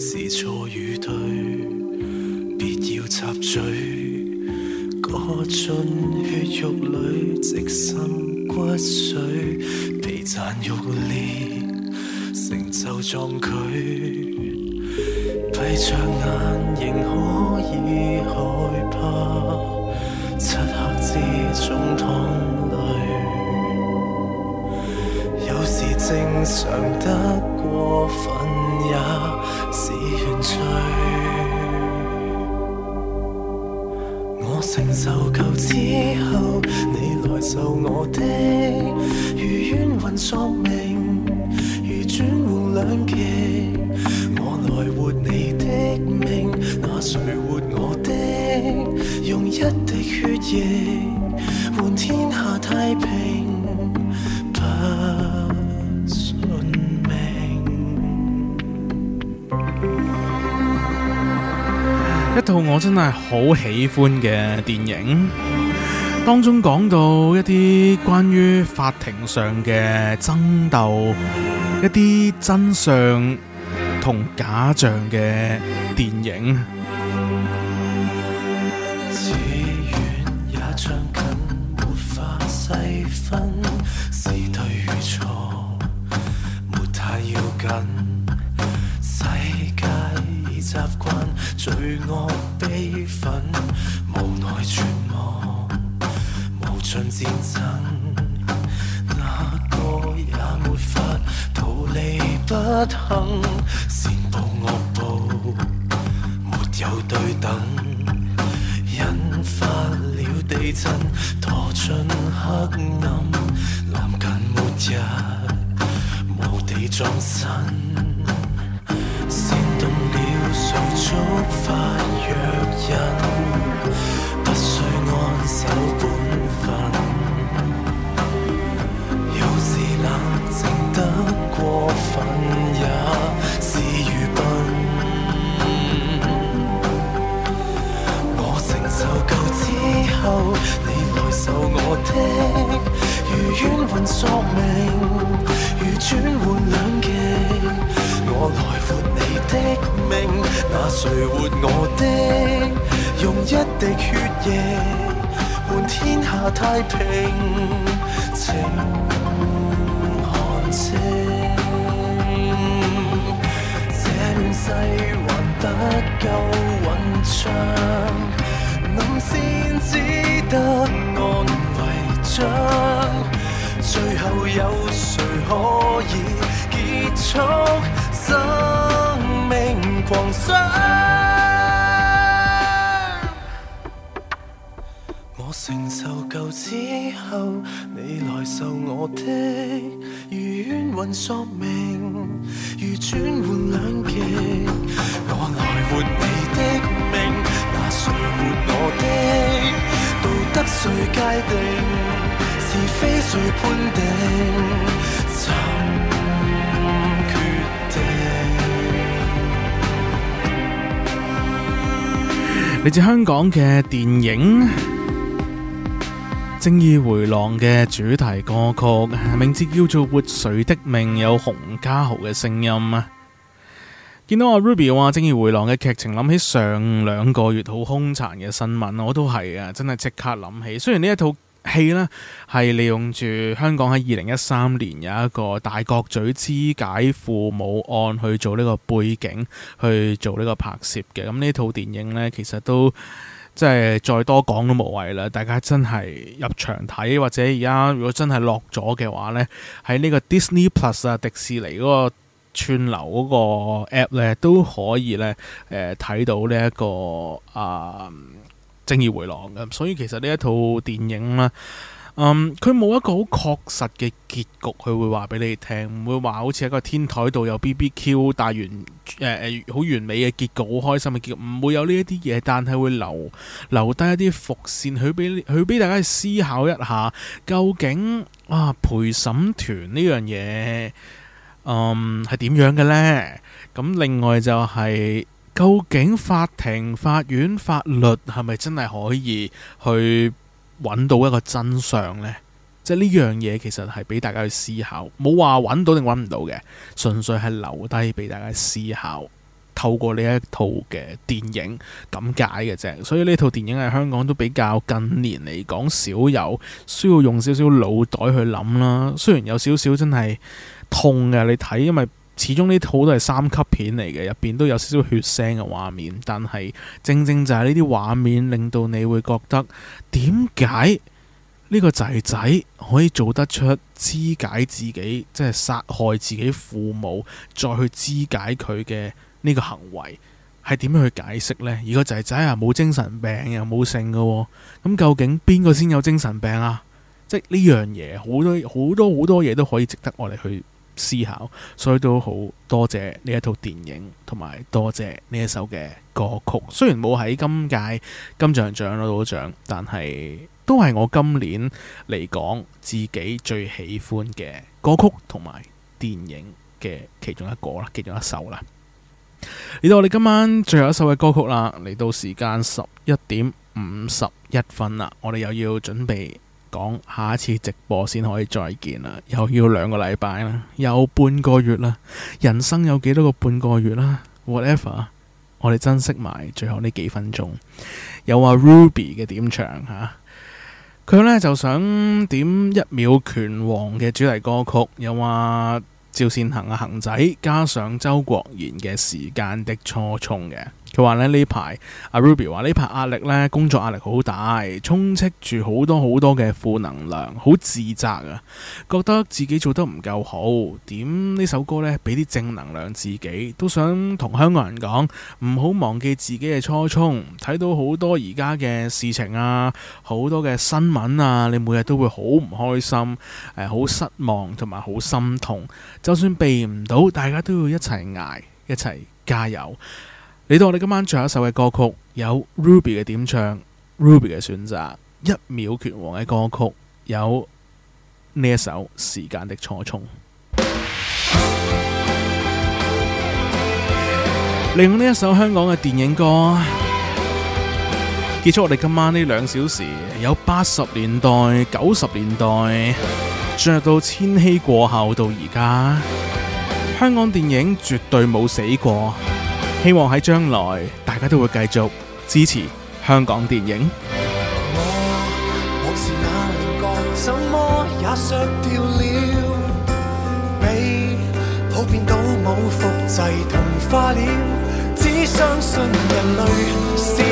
是錯與對，別要插嘴。割進血肉裏，直滲骨髓，皮殘肉裂，成就壯舉。閉着眼仍可。長得過分也是原罪，我承受夠之後，你來受我的。如冤魂索命，如轉換兩極，我來活你的命，那誰活我的？用一滴血液。到我真係好喜歡嘅電影，當中講到一啲關於法庭上嘅爭鬥，一啲真相同假象嘅電影。誰可以結束生命狂想？我承受夠之後，你來受我的。如冤魂索命，如轉換兩極，我來活你的命，那誰活我的？道德誰界定？是非誰判定？嚟自香港嘅電影《正義迴廊》嘅主題歌曲，名字叫做《活水的命》，有洪嘉豪嘅聲音啊！見到阿 Ruby 話《正義迴廊》嘅劇情，諗起上兩個月好兇殘嘅新聞，我都係啊，真係即刻諗起。雖然呢一套戲呢係利用住香港喺二零一三年有一個大角咀肢解父母案去做呢個背景，去做呢個拍攝嘅。咁呢套電影呢，其實都即係再多講都無謂啦。大家真係入場睇，或者而家如果真係落咗嘅話呢，喺呢個 Disney Plus 啊，迪士尼嗰個串流嗰個 App 呢，都可以呢誒睇，呃、到呢、這、一個啊。呃正義回廊咁，所以其實呢一套電影咧，嗯，佢冇一個好確實嘅結、呃、結局，佢會話俾你聽，唔會話好似喺個天台度有 BBQ 帶完，誒誒，好完美嘅結局，好開心嘅結局，唔會有呢一啲嘢，但係會留留低一啲伏線，去俾去俾大家思考一下，究竟啊陪審團呢樣嘢，嗯，係點樣嘅呢？咁另外就係、是。究竟法庭、法院、法律係咪真係可以去揾到一個真相咧？即係呢樣嘢，其實係俾大家去思考，冇話揾到定揾唔到嘅，純粹係留低俾大家思考。透過呢一套嘅電影咁解嘅啫，所以呢套電影喺香港都比較近年嚟講少有需要用少少腦袋去諗啦。雖然有少少真係痛嘅，你睇因為。始終呢套都係三級片嚟嘅，入邊都有少少血腥嘅畫面。但係正正就係呢啲畫面，令到你會覺得點解呢個仔仔可以做得出肢解自己，即係殺害自己父母，再去肢解佢嘅呢個行為，係點樣去解釋呢？而個仔仔又冇精神病，又冇性噶哦，咁究竟邊個先有精神病啊？即係呢樣嘢，好多好多好多嘢都可以值得我哋去。思考，所以都好多謝呢一套電影，同埋多謝呢一首嘅歌曲。雖然冇喺今屆金像獎攞到獎，但係都係我今年嚟講自己最喜歡嘅歌曲同埋電影嘅其中一個啦，其中一首啦。嚟到我哋今晚最後一首嘅歌曲啦，嚟到時間十一點五十一分啦，我哋又要準備。講下一次直播先可以再見啦，又要兩個禮拜啦，又半個月啦，人生有幾多個半個月啦？Whatever，我哋珍惜埋最後呢幾分鐘。有阿 Ruby 嘅點唱吓，佢、啊、呢就想點一秒拳王嘅主題歌曲，又話趙善恒、啊行、阿恒仔加上周國賢嘅時間的初衷嘅。佢話咧呢排阿 Ruby 話呢排壓力咧工作壓力好大，充斥住好多好多嘅負能量，好自責啊，覺得自己做得唔夠好。點呢首歌咧，俾啲正能量自己，都想同香港人講，唔好忘記自己嘅初衷。睇到好多而家嘅事情啊，好多嘅新聞啊，你每日都會好唔開心，呃，好失望同埋好心痛。就算避唔到，大家都要一齊捱，一齊加油。嚟到我哋今晚最後一首嘅歌曲，有 Ruby 嘅點唱，Ruby 嘅選擇，一秒拳王嘅歌曲，有呢一首《時間的初衷》。利用呢一首香港嘅電影歌，結束我哋今晚呢兩小時，有八十年代、九十年代，進入到千禧過後到而家，香港電影絕對冇死過。希望喺將來，大家都會繼續支持香港電影。我往事，那年過，什麼也削掉了，了。了，了。被普遍倒模複製同化了，只相信人類是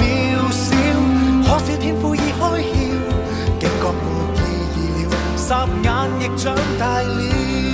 渺小，可惜天賦已開竅，驚覺沒意義了，霎眼亦長大了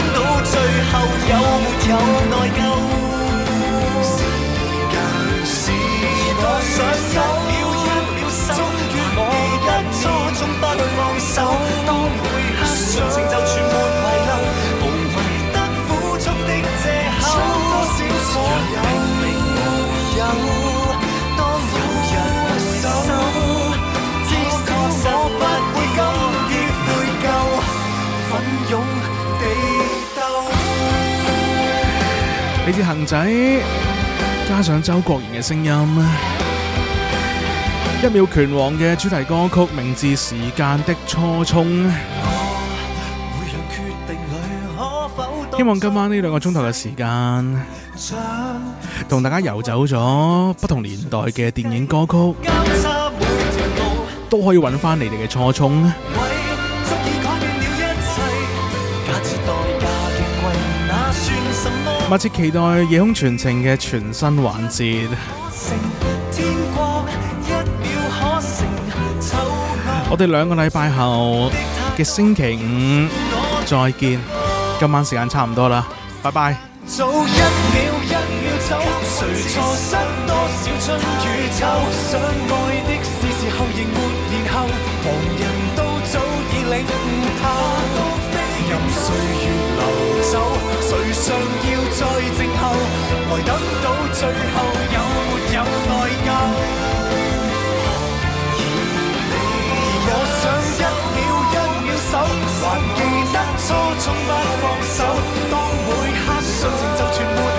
最後有沒有內疚？我想一秒一秒收，我一秒不放手。當每刻恆仔，加上周國賢嘅聲音，《一秒拳王》嘅主題歌曲《名字時間的初衷》。希望今晚呢兩個鐘頭嘅時間，同大家遊走咗不同年代嘅電影歌曲，都可以揾翻你哋嘅初衷。密切期待夜空傳情嘅全新環節。我哋兩個禮拜後嘅星期五再見。今晚時間差唔多啦，拜拜。到最後有沒有代價？而我想一秒一秒守，還記得初衷不放手。當每刻信情就全部。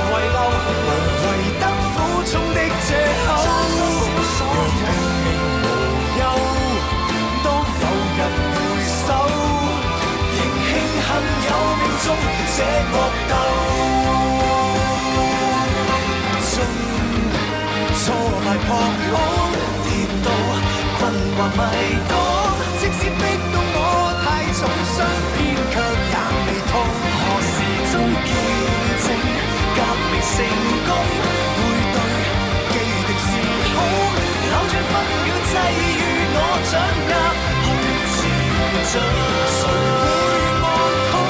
誰會愛我？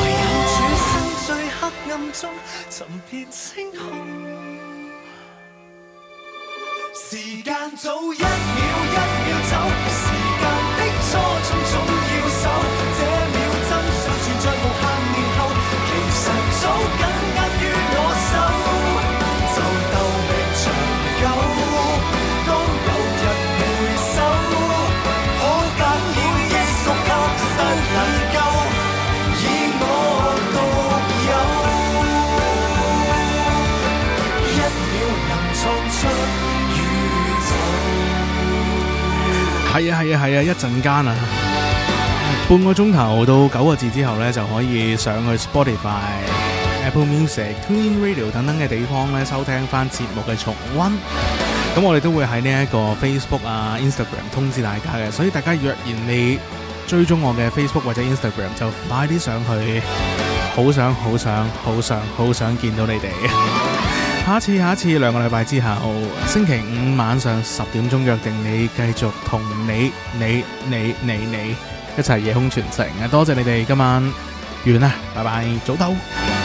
唯有轉身最黑暗中尋遍星空。 [NOISE] 時間早一秒一秒走，時間的錯縱總要守。這秒針尚存在無限年後，其實早係啊係啊係啊！一陣間啊，半個鐘頭到九個字之後呢，就可以上去 Spotify、Apple Music、TuneIn Radio 等等嘅地方呢收聽翻節目嘅重温。咁我哋都會喺呢一個 Facebook 啊、Instagram 通知大家嘅，所以大家若然你追蹤我嘅 Facebook 或者 Instagram，就快啲上去，好想好想好想好想，想見到你哋。 [LAUGHS] 下一次，下一次兩個禮拜之後，星期五晚上十點鐘約定你，繼續同你、你、你、你、你、你一齊夜空傳情啊！多謝你哋今晚完啦，拜拜，早唞。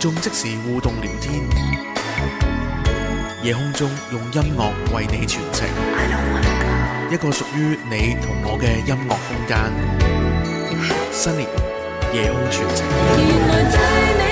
仲即時互動聊天，夜空中用音樂為你傳情，一個屬於你同我嘅音樂空間。新年夜空傳情。